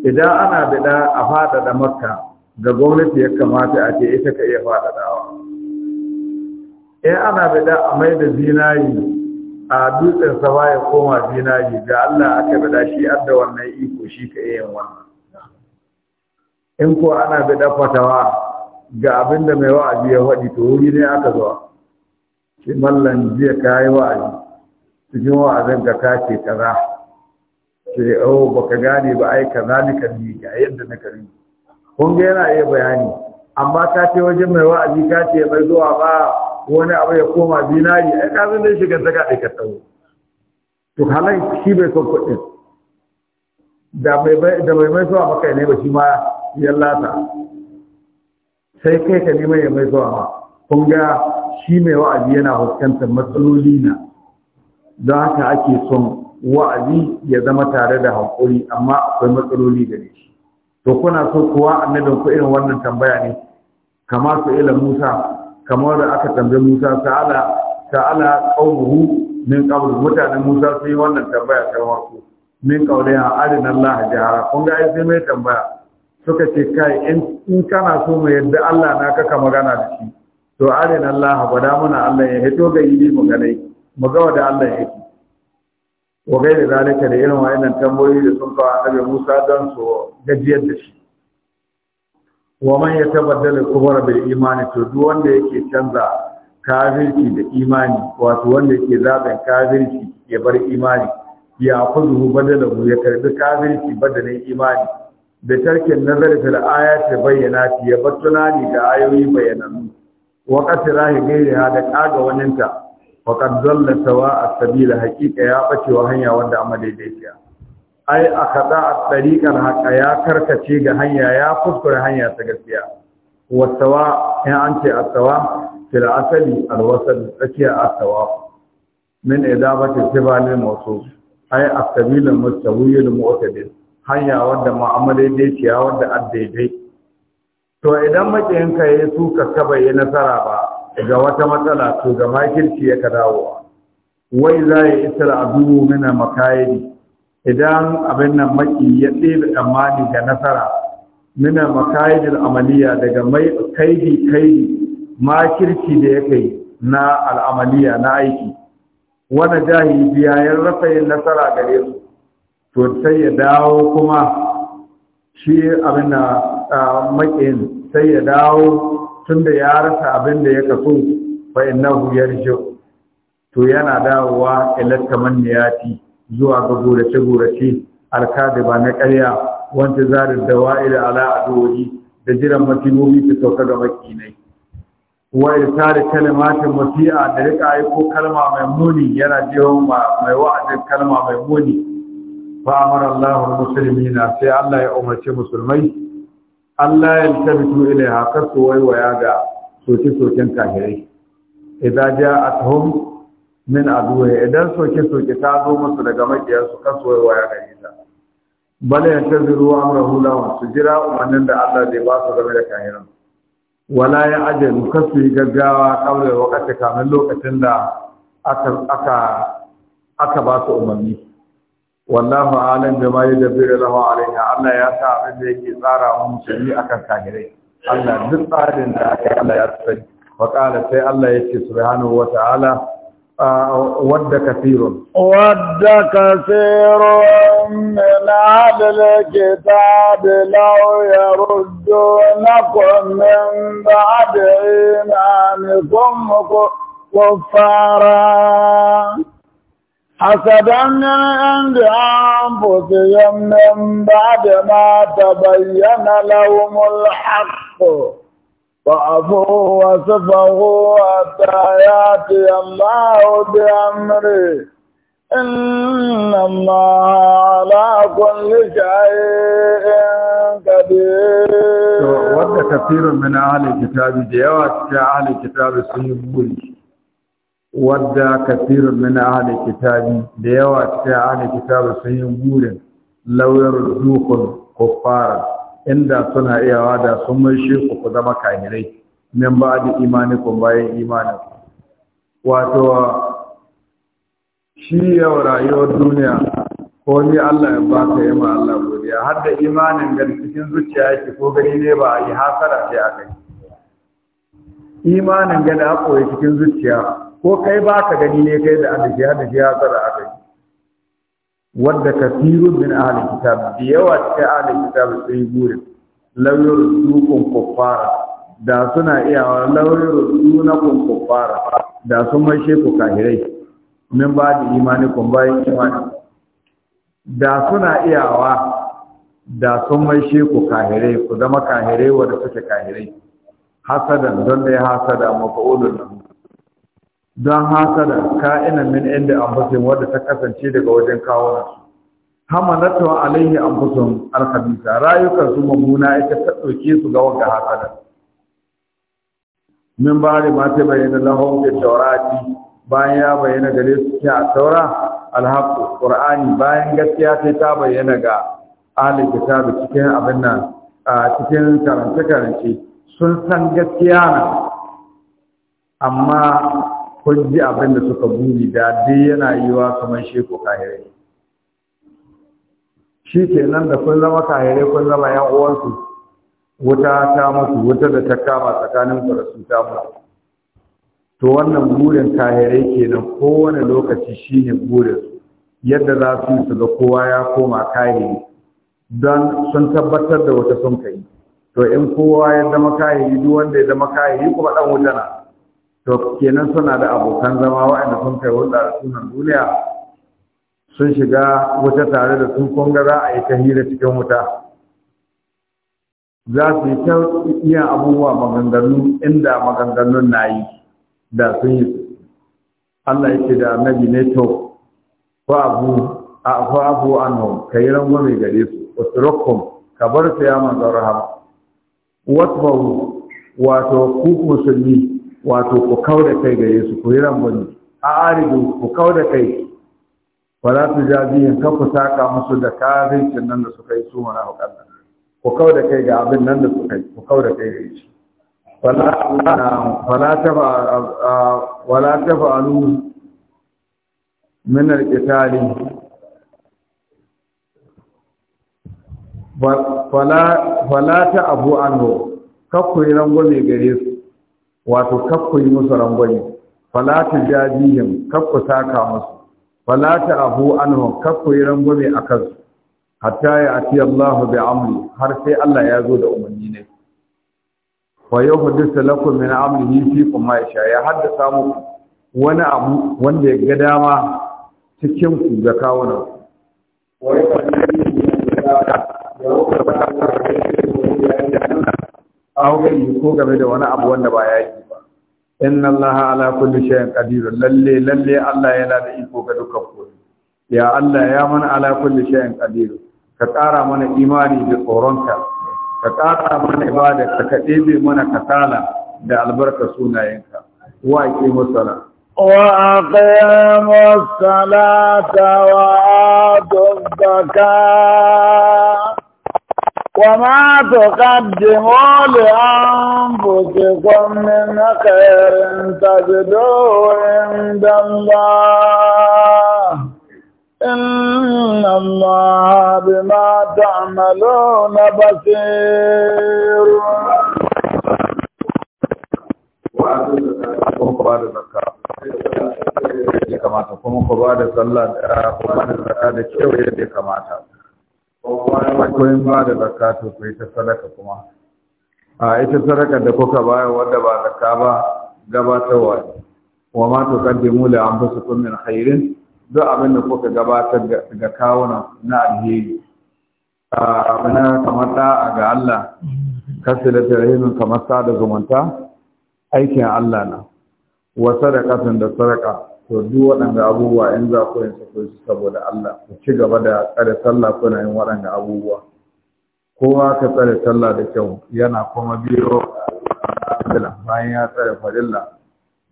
idan ana bida a faɗaɗa makka ga gwamnati ya kamata a ce ita ka iya faɗaɗawa in ana bida a mai da zinari a dutsen sama ya koma zinari ga Allah aka bada shi adda wannan iko shi ka iya yin wannan in ko ana bi fatawa ga abinda mai wa'azi ya faɗi to wuri ne aka zuwa shi mallan jiya ka yi wa'azi cikin wa'azin ka ka ce kaza ce oh baka gane ba ai kaza ni ka ni ga yadda na kari kun ga yana iya bayani amma ka ce wajen mai wa'azi ka ce bai zuwa ba wani abu ya koma zinari a kazan dai shiga saka dai ka to halan shi bai son kudin da bai mai zuwa maka ne ba shi ma ya lata sai kai ka neman ya mai zuwa ma kun ga shi mai wa'azi yana fuskantar matsaloli na don haka ake son wa'azi ya zama tare da hankuri amma akwai matsaloli da shi to kuna so kuwa annabin ku irin wannan tambaya ne kama su ila Musa kamar da aka tambaye Musa ta'ala ta'ala qawluhu min qabl mutanen Musa sai wannan tambaya ta farko min ya arina Allah jahara kun ga sai mai tambaya suka ce kai in kana so mu yadda Allah na kaka magana da shi to arina Allah gwada mana Allah ya hito ga yi mu gane mu ga wanda Allah ya yi wa gaira zalika da irin wa'annan tambayoyi da sun fa annabi Musa dan su gajiyar da shi wa man yatabaddal al-kufra bil imani to duk wanda yake canza kafirci da imani wato wanda yake zaben kafirci ya bar imani ya kuzu badalahu ya karbi kafirci badalin imani da tarkin nazari fil ayati bayyanati ya bar tunani da ayoyi bayanannu wa qasirahi ghayriha da kaga waninta faqad dalla sawa'a sabila haqiqa ya bace wa hanya wanda amma daidaiciya ai a kaɗa a ɗariƙar haka ya karkace ga hanya ya kuskure hanya ta gaskiya wasawa in an ce asawa fil asali alwasal tsakiya asawa min idabati tibalil mawsuf ai a asabil mustawil mu'tadil hanya wadda mu'amala dai ciya wadda daidai. to idan makiyinka ka yayi su ka kaba yi nasara ba ga wata matsala to ga makirci ya ka dawowa wai za ya isra abu mina makayidi idan abin nan maki ya ɗebe tsammani ga nasara mina makayidin amaliya daga mai kaidi kaidi makirci da ya kai na al'amaliya na aiki wani jahi biya ya rasa yin nasara gare su to sai ya dawo kuma shi abin na makin sai ya dawo tun da ya rasa abin da ya kaso fa huyar yarji to yana dawowa ilatta manniyati zuwa ga gurace-gurace ba na ƙarya wanda zarar da wa'ila ala adowari da jiran matimomi su sauka ga makinai wa tare kalimatin mafi'a da rika ko kalma mai muni yana jiwon mai wa'adin kalma mai muni fa amara Allahu muslimina sai Allah ya umarci musulmai Allah ya tabitu ilaiha kasu waiwaya ga soke-soken kahirai a ja'atuhum min aduwa idan soke-soke ta zo musu daga makiyarsu kasuwa ya gare ta bala ya taziru amrahu lahum su jira umarnin da Allah zai ba su game da kahiran wala ya ajalu kasu yi gaggawa kawai wakati kamar lokacin da aka aka ba su umarni wallahu alam da yadabbiru lahu alaiha Allah ya sa abin da yake tsara mu musulmi akan kahirai Allah duk tsarin da aka Allah ya tsari wa sai Allah yake subhanahu wa ta'ala ود كثير ود كثير من أهل الكتاب لو يردونكم من بعد إيمانكم كفارا حسدا من عند أنفسهم من بعد ما تبين لهم الحق فعفوا وصفوا وابتعيات الله بأمره إن الله على كل شيء قدير. وضع كثير من أهل الكتاب ديوات كأهل الكتاب سيبولي وضع كثير من أهل الكتاب ديوات كأهل الكتاب سيبولي لو يردوكم كفارا inda suna iyawa da sun maishe ku ku zama kahirai min ba da imanikun bayan imaninku wato shi yau rayuwar duniya ko ni Allah ya ba ka ma Allah godiya har da imanin ga cikin zuciya yake ko gani ne ba a yi hasara sai aka yi imanin ga da koyi cikin zuciya ko kai ba ka gani ne kai da adashi shi hasara aka yi wadda kafirun min ahalin kitab da yawa cikin ahalin kitab sun sai burin lauyar dukun kuffara da suna iyawa lauyar dukun kuffara da sun mai ku kahirai min ba da kun bayan imani da suna iyawa da sun mai ku kahirai ku zama kahirai wadda suke kahirai hasadan don da ya hasada mafa'ulun lahu don hasada ka'ina min inda anfusin wadda ta kasance daga wajen kawo su hamalatu alaihi anfusun alkhabisa rayukan su mamuna ita ta dauke su ga wanda hasada min bari ma mata bayyana lahum bi tawrati bayan ya bayyana gare su ta taura alhaqu qur'ani bayan gaskiya sai ta bayyana ga ahli kitabi cikin abin nan cikin karance karance sun san gaskiya na amma kun abin da suka buri da dai yana yiwa kamar sheku kahirai shi ke nan da kun zama kahirai kun zama yan uwansu wuta ta mutu wuta da ta kama tsakanin ku da su ta mutu to wannan burin kahirai kenan kowane lokaci shine burin yadda za su yi su ga kowa ya koma kahiri don sun tabbatar da wata sun kai to in kowa ya zama kahiri duk wanda ya zama kahiri kuma dan wuta na to kenan suna da abokan zama waɗanda sun kai hulɗa da sunan duniya sun shiga wuta tare da su kun za a yi ta hira cikin wuta za su yi ta iya abubuwa maganganu inda maganganun na yi da sun yi Allah ya da annabi ne to abu a fa abu anhu kai rangwame gare su usrukum ka bar su ya manzon rahama wato ku musulmi wato ku kau da kai gare su ku yi rangwani a arigin ku kau da kai ba za su ja biyan kan ku saka musu da kafircin nan da suka yi su mana hukar nan ku kau da kai ga abin nan da suka yi ku kau da kai gare shi wala ta fa'alu min alƙitali fala ta abu an kakku yi rangwame gare su wato kakku yi musu rangwani fala ta jabihim kakku saka musu Falatu abu anhum kakku yi rangwani a kansu hatta ya ati Allah bi amri har sai Allah ya zo da umarni ne fa yuhdithu lakum min amrihi fi kuma yasha ya haddasa mu wani abu wanda ya ga dama cikin ku ga kawunan wa yuhdithu aure ko game da wani abu wanda ba ya yi inna allaha ala kulli shay'in qadir lalle lalle Allah yana da iko ga dukkan komai ya Allah ya mana ala kulli shay'in qadir ka ƙara mana imani da tsoronka ka kara mana ibada ka kaɗebe mana kasala da albarka sunayenka wa ake musala وأقيموا wa وآتوا الزكاة وما تقدموا لأنفسكم من خير تجدوه عند الله إن الله بما تعملون بصير kuma ku ba da sallah da ku da zakka da kyau yadda ya kamata kun ba da zakka to ku yi ta sadaka kuma a ita sadaka da kuka bayar wanda ba zakka ba gabatarwa wa ma an li anfusikum min khairin duk abin da kuka gabatar ga kawuna na alheri A abin kamar a ga Allah da tarihin kamar sa da zumunta aikin Allah na wa sadaqatin da sadaka. to duk waɗanda abubuwa in za ku yin su saboda Allah ku ci gaba da tsare sallah kuna yin waɗanda abubuwa kowa ka tsare sallah da kyau yana kuma biyo nafila bayan ya tsare farilla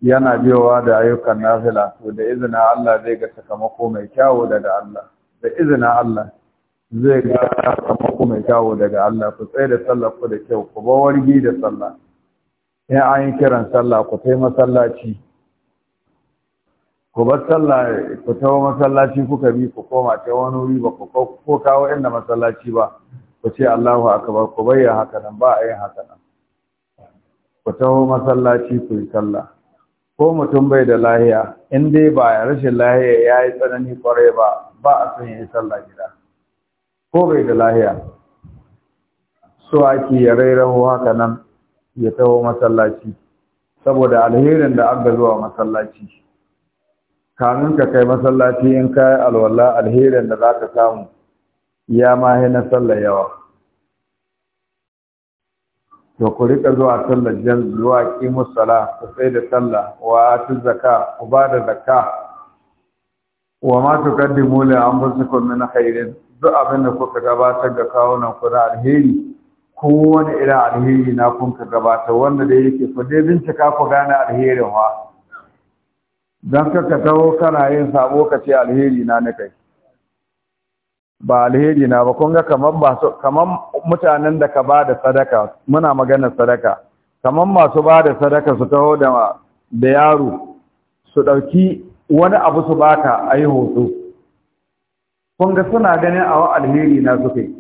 yana biyowa da ayyukan nafila to da izina Allah zai ga sakamako mai kyawu daga Allah da izina Allah zai ga sakamako mai kyawu daga Allah ku tsaye da sallah ku da kyau ku bar da sallah ya an yi kiran sallah ku kai masallaci ku bar sallah ku tawo masallaci kuka bi ku koma ta wani wuri ba ku ko kawo inda masallaci ba ku ce Allahu akbar ku bayya haka nan ba a yin haka nan ku taho masallaci ku yi sallah ko mutum bai da lahiya in dai ba rashin lahiya ya yi tsanani kwarai ba ba a son ya yi sallah gida ko bai da lahiya so ake ya rairaho haka nan ya taho masallaci saboda alherin da aka zuwa masallaci kamin ka kai masallaci in ka yi alwala alherin da za ka samu ya ma na sallar yawa to ku riƙa zuwa sallar jan zuwa kimus musala ku sai da sallah wa ci zaka ku ba da Zaka. wa ma an li anfusikum min hairin duk abin da kuka gabatar ga kawunan ku na alheri wani irin alheri na kun ka gabatar wanda da yake ku dai bincika ku gane alherin wa don kaka taho kana yin sabo ka ce alheri na na kai ba alheri na ba kun ga kamar mutanen da ka ba da sadaka muna magana sadaka kamar masu ba da sadaka su taho da yaro su ɗauki wani abu su baka a yi hoto kun ga suna ganin awa alheri na suka yi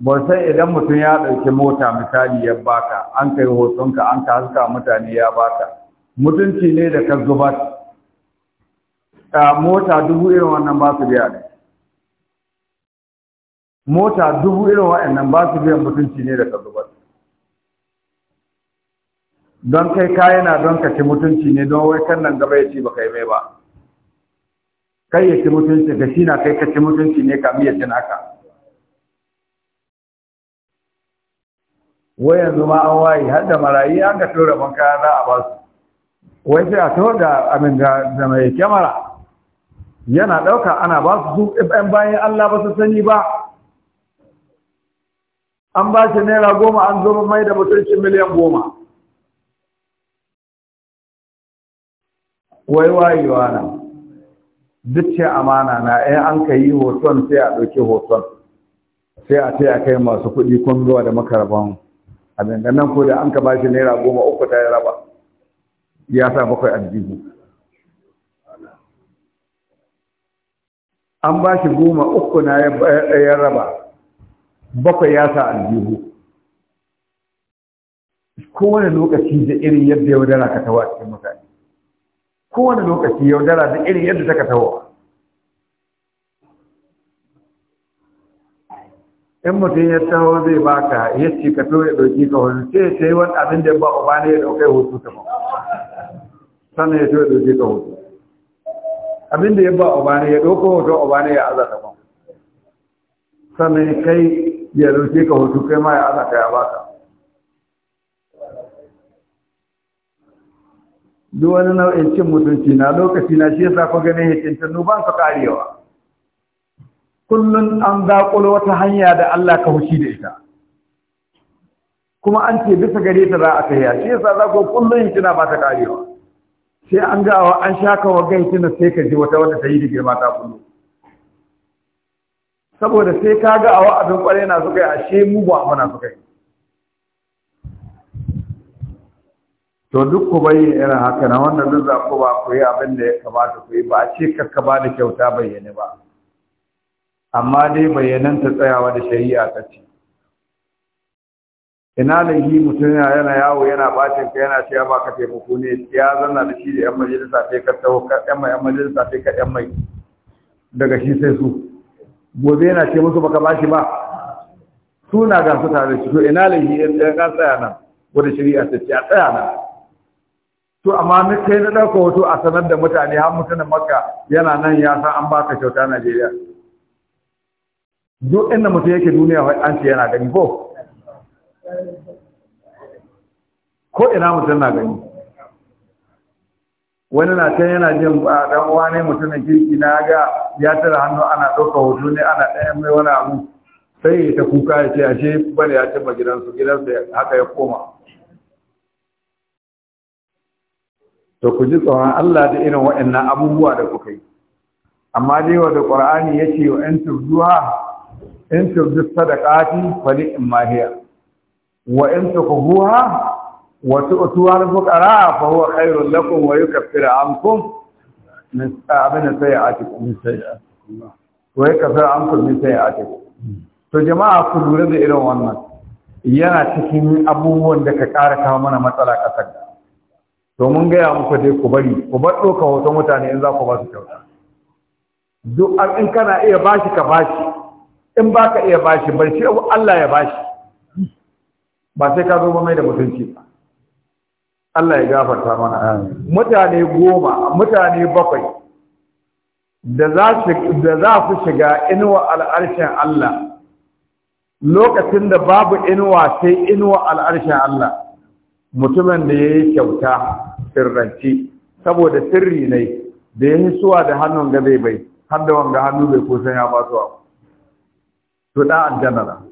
ba sai idan mutum ya ɗauki mota misali ya baka an kai hotonka an ka haska mutane ya baka mutunci ne da ka zubar mota dubu irin wannan ba su biya ne mota dubu irin wa'annan ba su biyan mutunci ne da kazubar don kai kayi na don ka ci mutunci ne don wai kan nan gaba ya ci ba kai mai ba kai ya ci mutunci ga shi na kai ka ci mutunci ne ka miya ci naka wai yanzu ma an waye har da marayi an ka tura ban kaya za a ba su wai sai a tura da amin da mai kyamara yana ɗauka ana ba su su ɗan eh, bayan Allah ba su sani ba an ba shi naira goma an zo mai da mutunci miliyan goma wai wayewa nan duk ce amana na ɗaya eh, an ka yi hoton sai a ɗauki hoton sai a ce a kai masu kuɗi kun zuwa da makarban a dangannan ko da an ka ba shi naira goma uku ta raba ya sa bakwai aljihu an ba shi goma uku na ya raba bakwai ya sa aljihu kowane lokaci da irin yadda yaudara ka tawa cikin mutane kowane lokaci yaudara da irin yadda ta ka tawa in mutum ya taho zai baka ya ce ka to ya ɗauki ka hoto sai sai yi wani abin da ba uba ne ya ɗaukai hoto ta ba sannan ya to ya ɗauki ka hoto abin da ya ba obani ya ɗauko hoto obani ya aza ta sannan kai ya ɗauke ka hoto kai ma ya aza ya baka duk wani nau'in cin mutunci na lokaci na shi yasa ku ganin tannu ba su karewa kullum an zaƙulo wata hanya da Allah ka hushi da ita kuma an ce bisa gare ta za a kai ya shi yasa za ku kullum hikina ba ta karewa sai an ga wa an shaka wa tuna sai ka ji wata wanda ta yi da girma ta kullu saboda sai ka ga awa abin kwarai na suka yi ashe mu ba na suka yi to duk ku bayyana irin haka na wannan duk za ku ba ku yi abin da ya kamata ku yi ba a ce kakka ba da kyauta bayyane ba amma dai bayyanan ta tsayawa da shari'a ta ce ina shi mutum yana yawo yana bacin ka yana cewa baka taimako ne ya zanna da shi da yan majalisa sai ka taho ka yan mai yan majalisa sai ka yan mai daga shi sai su gobe yana ce musu baka bashi ba suna ga su tare su to ina shi yan ka tsaya nan wanda shari'a ta ce a tsaya nan to amma na kai na dauko hoto a sanar da mutane har mutanen makka yana nan ya san an baka kyauta Najeriya duk inda mutum yake duniya an ce yana gani ko ko ina mutum na gani wani na can yana jin ba ah, dan uwa ne mutumin kirki na ga ya tara hannu ana ɗauka hoto ne ana ɗaya mai wani abu sai ya ta kuka ya ce ce bane ya cimma gidansu gidansu haka ya koma to ku ji tsoron Allah da irin waɗannan abubuwa da kuka yi amma dai wanda Qur'ani yace wa in tubduha in da sadaqati fa ni'ma wa in tukuhuha wa tu'tuha al-fuqara fa huwa khairun lakum wa yukaffiru ankum min abin sayi'atikum min sayi'atikum wa yukaffiru ankum min sayi'atikum to jama'a ku lura da irin wannan yana cikin abubuwan da ka ƙara kawo mana matsala ƙasar to mun gaya muku dai ku bari ku bar ɗauka hoto mutane in za ku ba su kyauta duk in kana iya bashi ka bashi in ba ka iya bashi bar shi Allah ya bashi ba sai ka zo ba mai da mutunci ba Allah ya gafarta mana mutane goma mutane bakwai da za su shiga inuwa al'arshen Allah lokacin da babu inuwa sai inuwa al'arshen Allah mutumin da ya yi kyauta sirranci saboda sirri ne da ya yi suwa da hannun zai bai har da wanga hannu bai kusan ya ba su to da aljanna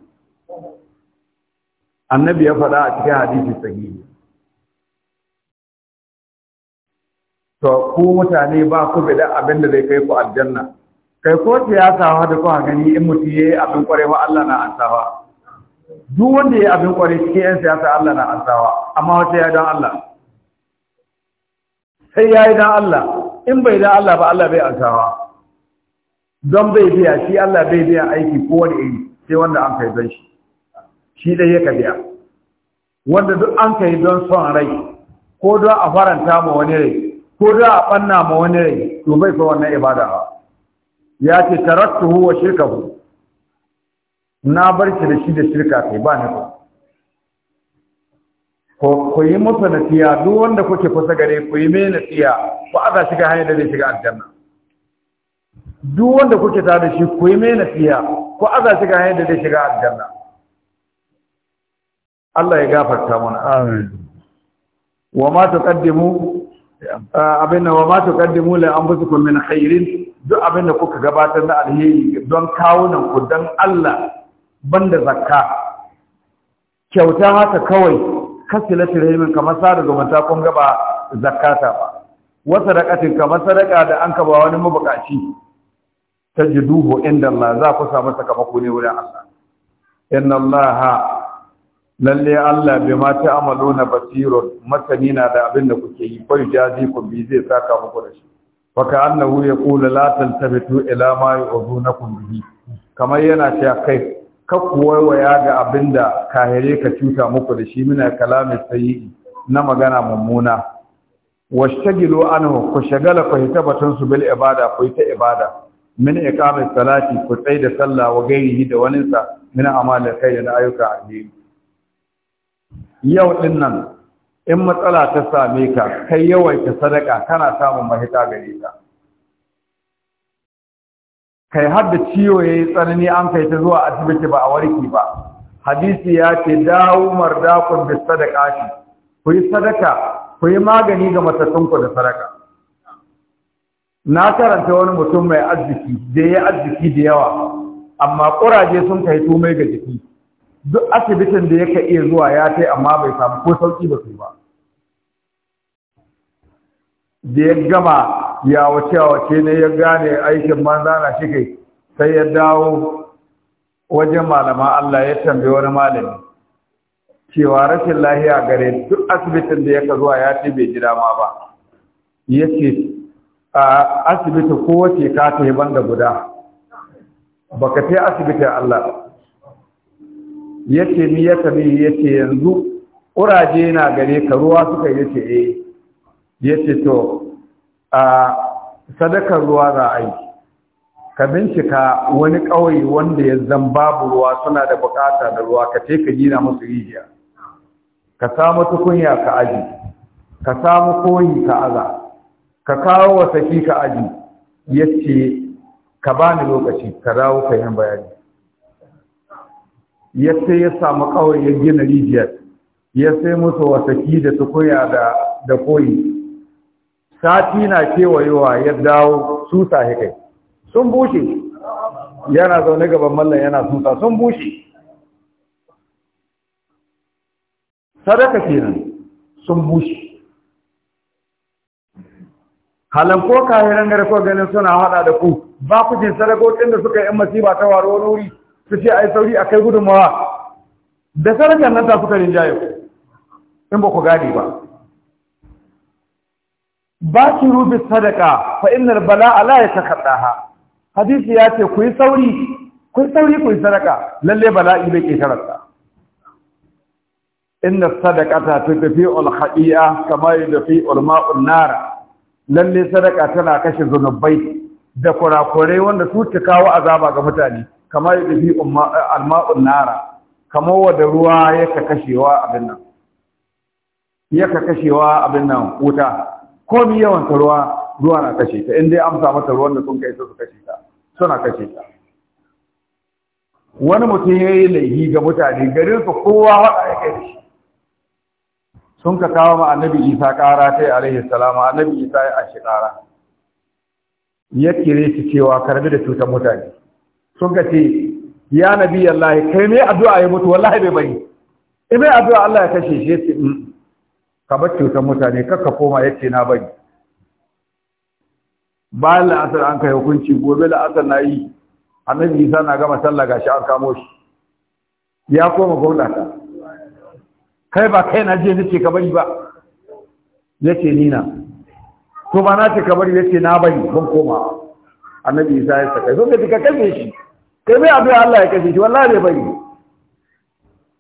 annabi ya faɗa a cikin hadisi sahihi to ku mutane ba ku bi da abin da zai kai ku aljanna kai ko siyasa da kuka gani in mutum yayi abin wa Allah na ansawa duk wanda yayi abin kware cikin yan siyasa Allah na ansawa amma wace ya dan Allah sai ya yi dan Allah in bai dan Allah ba Allah bai ansawa don bai biya shi Allah bai biya aiki ko wani iri sai wanda an kai don shi shi dai ya kabiya wanda duk an kai don son rai ko don a faranta ma wani rai ko don a banna ma wani rai to bai fa wannan ibada ba ya ce huwa wa shirkahu na bar shi da shi da shirka kai ba ni ba ku yi masa nasiya duk wanda kuke kusa gare ku yi mai nasiya ko aza shiga hanyar da zai shiga aljanna duk wanda kuke tare da shi ku yi mai nasiya ko aza shiga hanyar da zai shiga aljanna Allah ya gafarta mana amin wa ma taqaddimu abin wa ma anfusikum min khairin duk abin kuka gabatar na alheri don nan ku dan Allah banda zakka kyauta haka kawai kasilatu rahimin kamar sada zumunta kun gaba zakata ba wa sadaqatin kamar sadaqa da an kaba wani mabukaci tajiduhu inda Allah za ku samu sakamako ne wurin Allah inna Allah lalle Allah bai ma ta amalo na basirun masani na da abin da kuke yi kwai jazi ku bi zai saka muku da shi fa ka annahu yaqulu la tantabitu ila ma yuzunakum bihi kamar yana cewa kai ka kuwaya ga abin da kahire ka cuta muku da shi muna kalami sayyi na magana mummuna washtagilu anhu ku shagala ku hita batun su bil ibada ku ta ibada min iqamati salati ku tsai da sallah wa gairihi da waninsa min amalin kai da ayyuka alheri yau ɗin nan in matsala ta same ka kai yawaita sadaka kana samun mahita gare ta kai har da ciwo ya yi tsanani an kai ta zuwa asibiti ba a warki ba hadisi ya ce dawo mardakun da sadaka shi ku yi sadaka ku yi magani ga matattunku da sadaka na karanta wani mutum mai arziki da ya arziki da yawa amma ƙuraje sun kai tumai ga jiki duk asibitin da yake iya zuwa ya kai amma bai samu ko sauki ba su ba da ya gama ya wace wace ne ya gane aikin manza na shi kai sai ya dawo wajen malama Allah ya tambaye wani malami cewa rashin lahiya gare duk asibitin da yaka zuwa ya ce bai ji dama ba ya ce a asibiti kowace ka ta yi banda guda baka ta asibitin Allah yace ni ya kabi yace yanzu kuraje na gare ka ruwa suka yace eh yace to a sadakar ruwa za a yi ka bincika wani ƙauye wanda ya zan babu ruwa suna da bukata da ruwa ka ce ka gina musu rijiya ka samu tukunya ka aji ka samu koyi ka aza ka kawo wasaki ka aji yace ka bani lokaci ka dawo ka yi bayani ya sai ya samu kawai ya gina rijiyar ya sai musu wasaki da tukunya da da koyi sati na kewayewa ya dawo susa ya kai sun bushe yana zaune gaban mallan yana susa sun bushe sadaka kenan sun bushe halan ko kayan ranar ko ganin suna hada da ku ba ku jin sadakokin da suka yi masiba ta waro wuri su ce a yi sauri a kai gudunmawa da sarakan nan ta suka rinjaye in ba ku gadi ba ba ki rubi sadaka fa ya ta kaɗa ha hadisi ya ce ku yi sauri ku yi sauri ku yi sadaka lalle bala'i bai ke karanta inna sadaqata tudfi al khati'a kama yudfi al ma'un nar lalle sadaka tana kashe zunubai da kurakurai wanda su kawo azaba ga mutane kamar da fi alma'un nara kamar wadda ruwa yaka kashewa abin nan yaka kashewa abin nan wuta ko mi yawan ta ruwa ruwa na kashe ta in dai amsa mata ruwan da sun kai su kashe ta suna kashe ta wani mutum ya yi laihi ga mutane garin su kowa wada ya kai shi sun ka kawo ma annabi isa ƙara ta yi alaihi salama annabi isa ya ashe ƙara ya kire shi cewa karbi da cutar mutane sun ka ce ya nabi Allah kai mai addu'a ya mutu wallahi bai bari in mai addu'a Allah ya kashe shi in mm, ka bar cutar mutane kar ka koma yace na bari bayan la'asar an kai hukunci gobe la'asar na yi annabi Isa na gama sallah gashi an kamo shi ya koma gwamnata kai ba kai na je nace ka bari ba yace ni na to ba na ce ka bari yace na bari ban koma annabi Isa ya saka zo ka kalle shi kai mai abin Allah ya kashe shi wallahi bai bari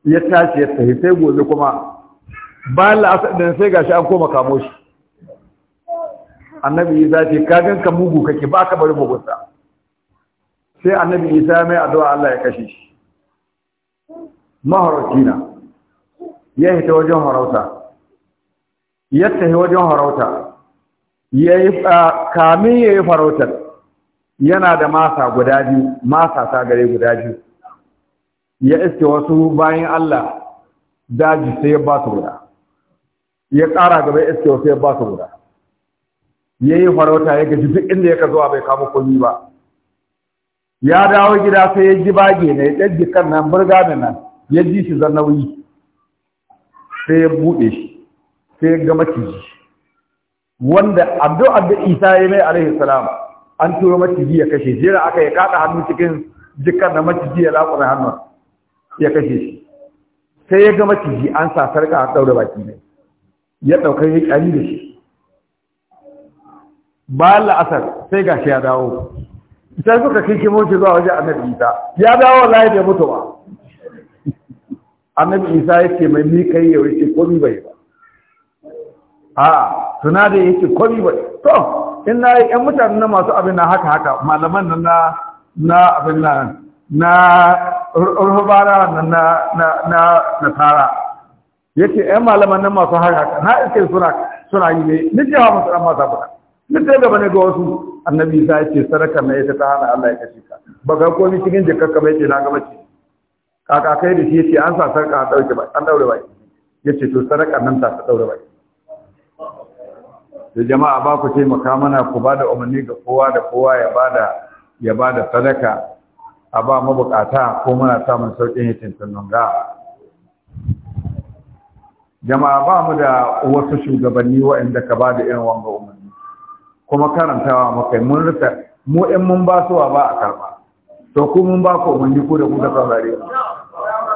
ya tashi ya tafi sai gobe kuma bayan la'asar din sai gashi an koma kamo shi annabi isa ce ka ganka mugu kake ba ka bari mugunta sai annabi isa mai addu'a Allah ya kashe shi maharaci na ya hita wajen harauta ya tafi wajen harauta ya yi kamin ya yi farautar yana da masa guda biyu masa ta gare guda biyu ya iske wasu bayan Allah daji sai ya ba su guda ya ƙara gaba ya iske wasu ya ba su guda ya yi farauta ya gaji duk inda ya ka zuwa bai kama komi ba ya dawo gida sai ya ji bage na ya ɗaggi kan nan burga da nan ya ji shi zan nauyi sai ya buɗe shi sai ya gama ciki. wanda abdu abdu isa ya mai alaihi salam an turo maciji ya kashe jira aka ya kada hannu cikin jikar da maciji ya lakura hannun ya kashe shi sai ya ga maciji an sa sarka a daure baki ne ya ɗaukar ya ƙari da shi bayan la'asar sai gashi ya dawo sai suka kai kimoci zuwa wajen annabi isa ya dawo wallahi bai mutu ba annabi isa ya ce mai mika yi yau ya ce komi bai ba a tuna da ya ce komi bai to in na yan mutane na masu abin na haka haka malaman nan na na abin na na rubara na na na na tara yake yan malaman nan masu haka haka na iske suna suna yi ne ni hawa masu ran mata fada ni ce gaba ne ga wasu annabi ya ce, sadaka na ita ta hana Allah ya kashe ka ba ga komi cikin jikakka bai ce na gaba ce kaka kai da shi ce an sa sarka an ɗauke ba an ɗaure ba ce to sadaka nan ta ta ba ba da jama'a ba ku taimaka mana ku ba da umarni ga kowa da kowa ya ba da ya ba da sadaka a ba mabukata ko muna samun sauƙin hitin tunanga jama'a ba mu da wasu shugabanni waɗanda ka ba da irin wanga umarni kuma karantawa muka mun rika mu in mun ba suwa ba a karba to ku mun ba ku umarni ko da ku ta saurare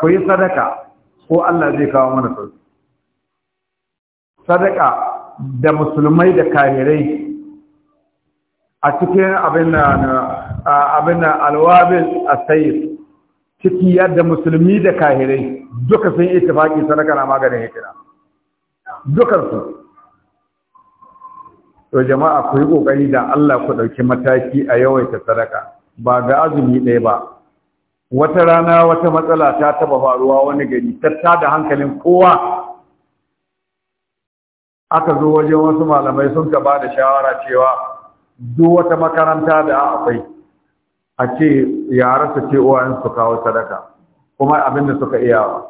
ku yi sadaka ko Allah zai kawo mana sauki sadaka da musulmai da karirai a cikin abin da alwabin a sai ciki yadda musulmi da kahirai duka sun yi tafaƙi sadaka na maganin hikira dukansu to jama'a ku yi ƙoƙari da Allah ku ɗauki mataki a yawaita sadaka ba ga azumi ɗaya ba wata rana wata matsala ta taba faruwa wani gari ta da hankalin kowa aka zo wajen wasu malamai sun ka ba da shawara cewa duk wata makaranta da akwai a ce yara su ce uwayen su kawo sadaka kuma abin da suka iya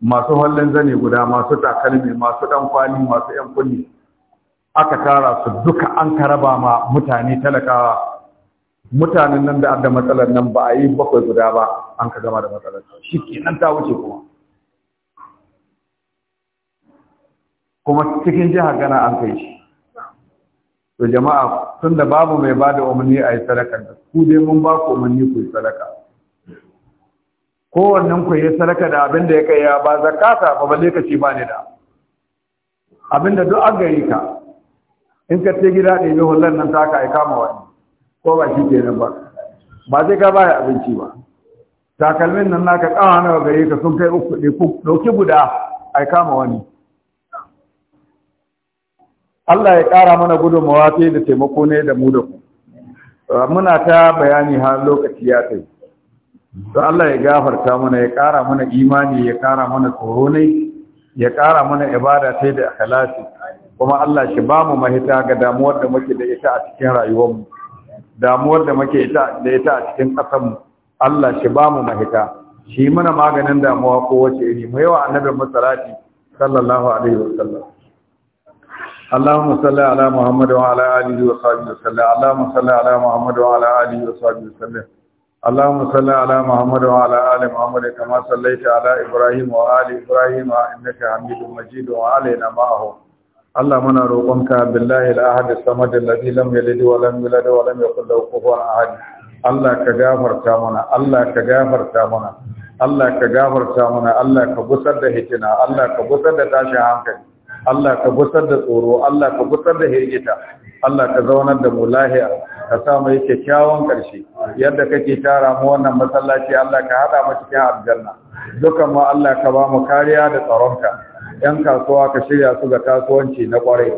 masu hallin zane guda masu takalmi masu dan kwali masu yan kunni aka tara su duka an karaba ma mutane talakawa mutanen nan da adda matsalar nan ba a yi bakwai guda ba an ka gama da matsalar shi kenan ta wuce kuma kuma cikin jihar gana an kai shi to jama'a tun da babu mai ba da umarni a yi sadaka da ku dai mun ba ku umarni ku yi sadaka kowannen ku yi sadaka da abin da ya kai ya ba zakata ba balle ka ci ba ni da abin da duk an gari ka in ka ce gida ɗaya hullar nan ta ka kama wani ko ba shi ke nan ba ba sai ka baya abinci ba takalmin nan naka kawo nawa gari ka sun kai uku ɗauki guda a kama wani Allah ya ƙara mana gudunmawa ta da taimako ne da mu da ku muna ta bayani har lokaci ya kai to Allah ya gafarta mana ya ƙara mana imani ya ƙara mana tsoro ne ya ƙara mana ibada ta da akhlasi kuma Allah shi ba mu mahita ga damuwar da muke da ita a cikin rayuwarmu damuwar da muke da ita a cikin ƙasarmu Allah shi ba mu mahita shi mana maganin damuwa ko wace iri mu yawa annabin masalati sallallahu alaihi wasallam اللهم صل على محمد وعلى اله وصحبه وسلم اللهم صل على محمد وعلى اله وصحبه وسلم اللهم صل على محمد وعلى ال محمد كما صليت على ابراهيم وال ابراهيم انك حميد مجيد وعلينا معه اللهم انا نروقك بالله الاحد الصمد الذي لم يلد ولم يولد ولم يكن له كفوا احد الله كغفرتا منا الله كغفرتا منا الله كغفرتا منا الله كغفر ده هتنا الله كغفر ده تاشي hankali Allah ka gusar da tsoro Allah ka gusar da hirgita Allah ka zaunar da mu lahiya ka sa mu kyakkyawan karshe yadda kake tara mu wannan masallaci Allah ka haɗa mu cikin aljanna dukan mu Allah ka ba mu kariya da tsaronka yan kasuwa ka shirya su ga kasuwanci na kwarai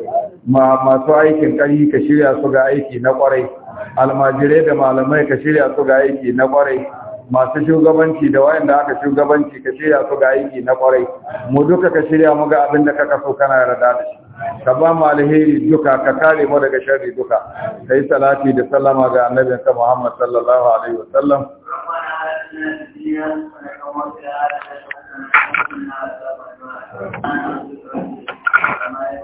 ma masu aikin ƙari ka shirya su ga aiki na kwarai almajirai da malamai ka shirya su ga aiki na kwarai masu shugabanci da wayanda aka shugabanci ka shirya su ga aiki na kwarai mu duka ka shirya mu ga abin da ka kaso kana yarda da shi ka ba mu alheri duka ka kare mu daga sharri duka kai salati da sallama ga annabin ka Muhammad sallallahu alaihi wasallam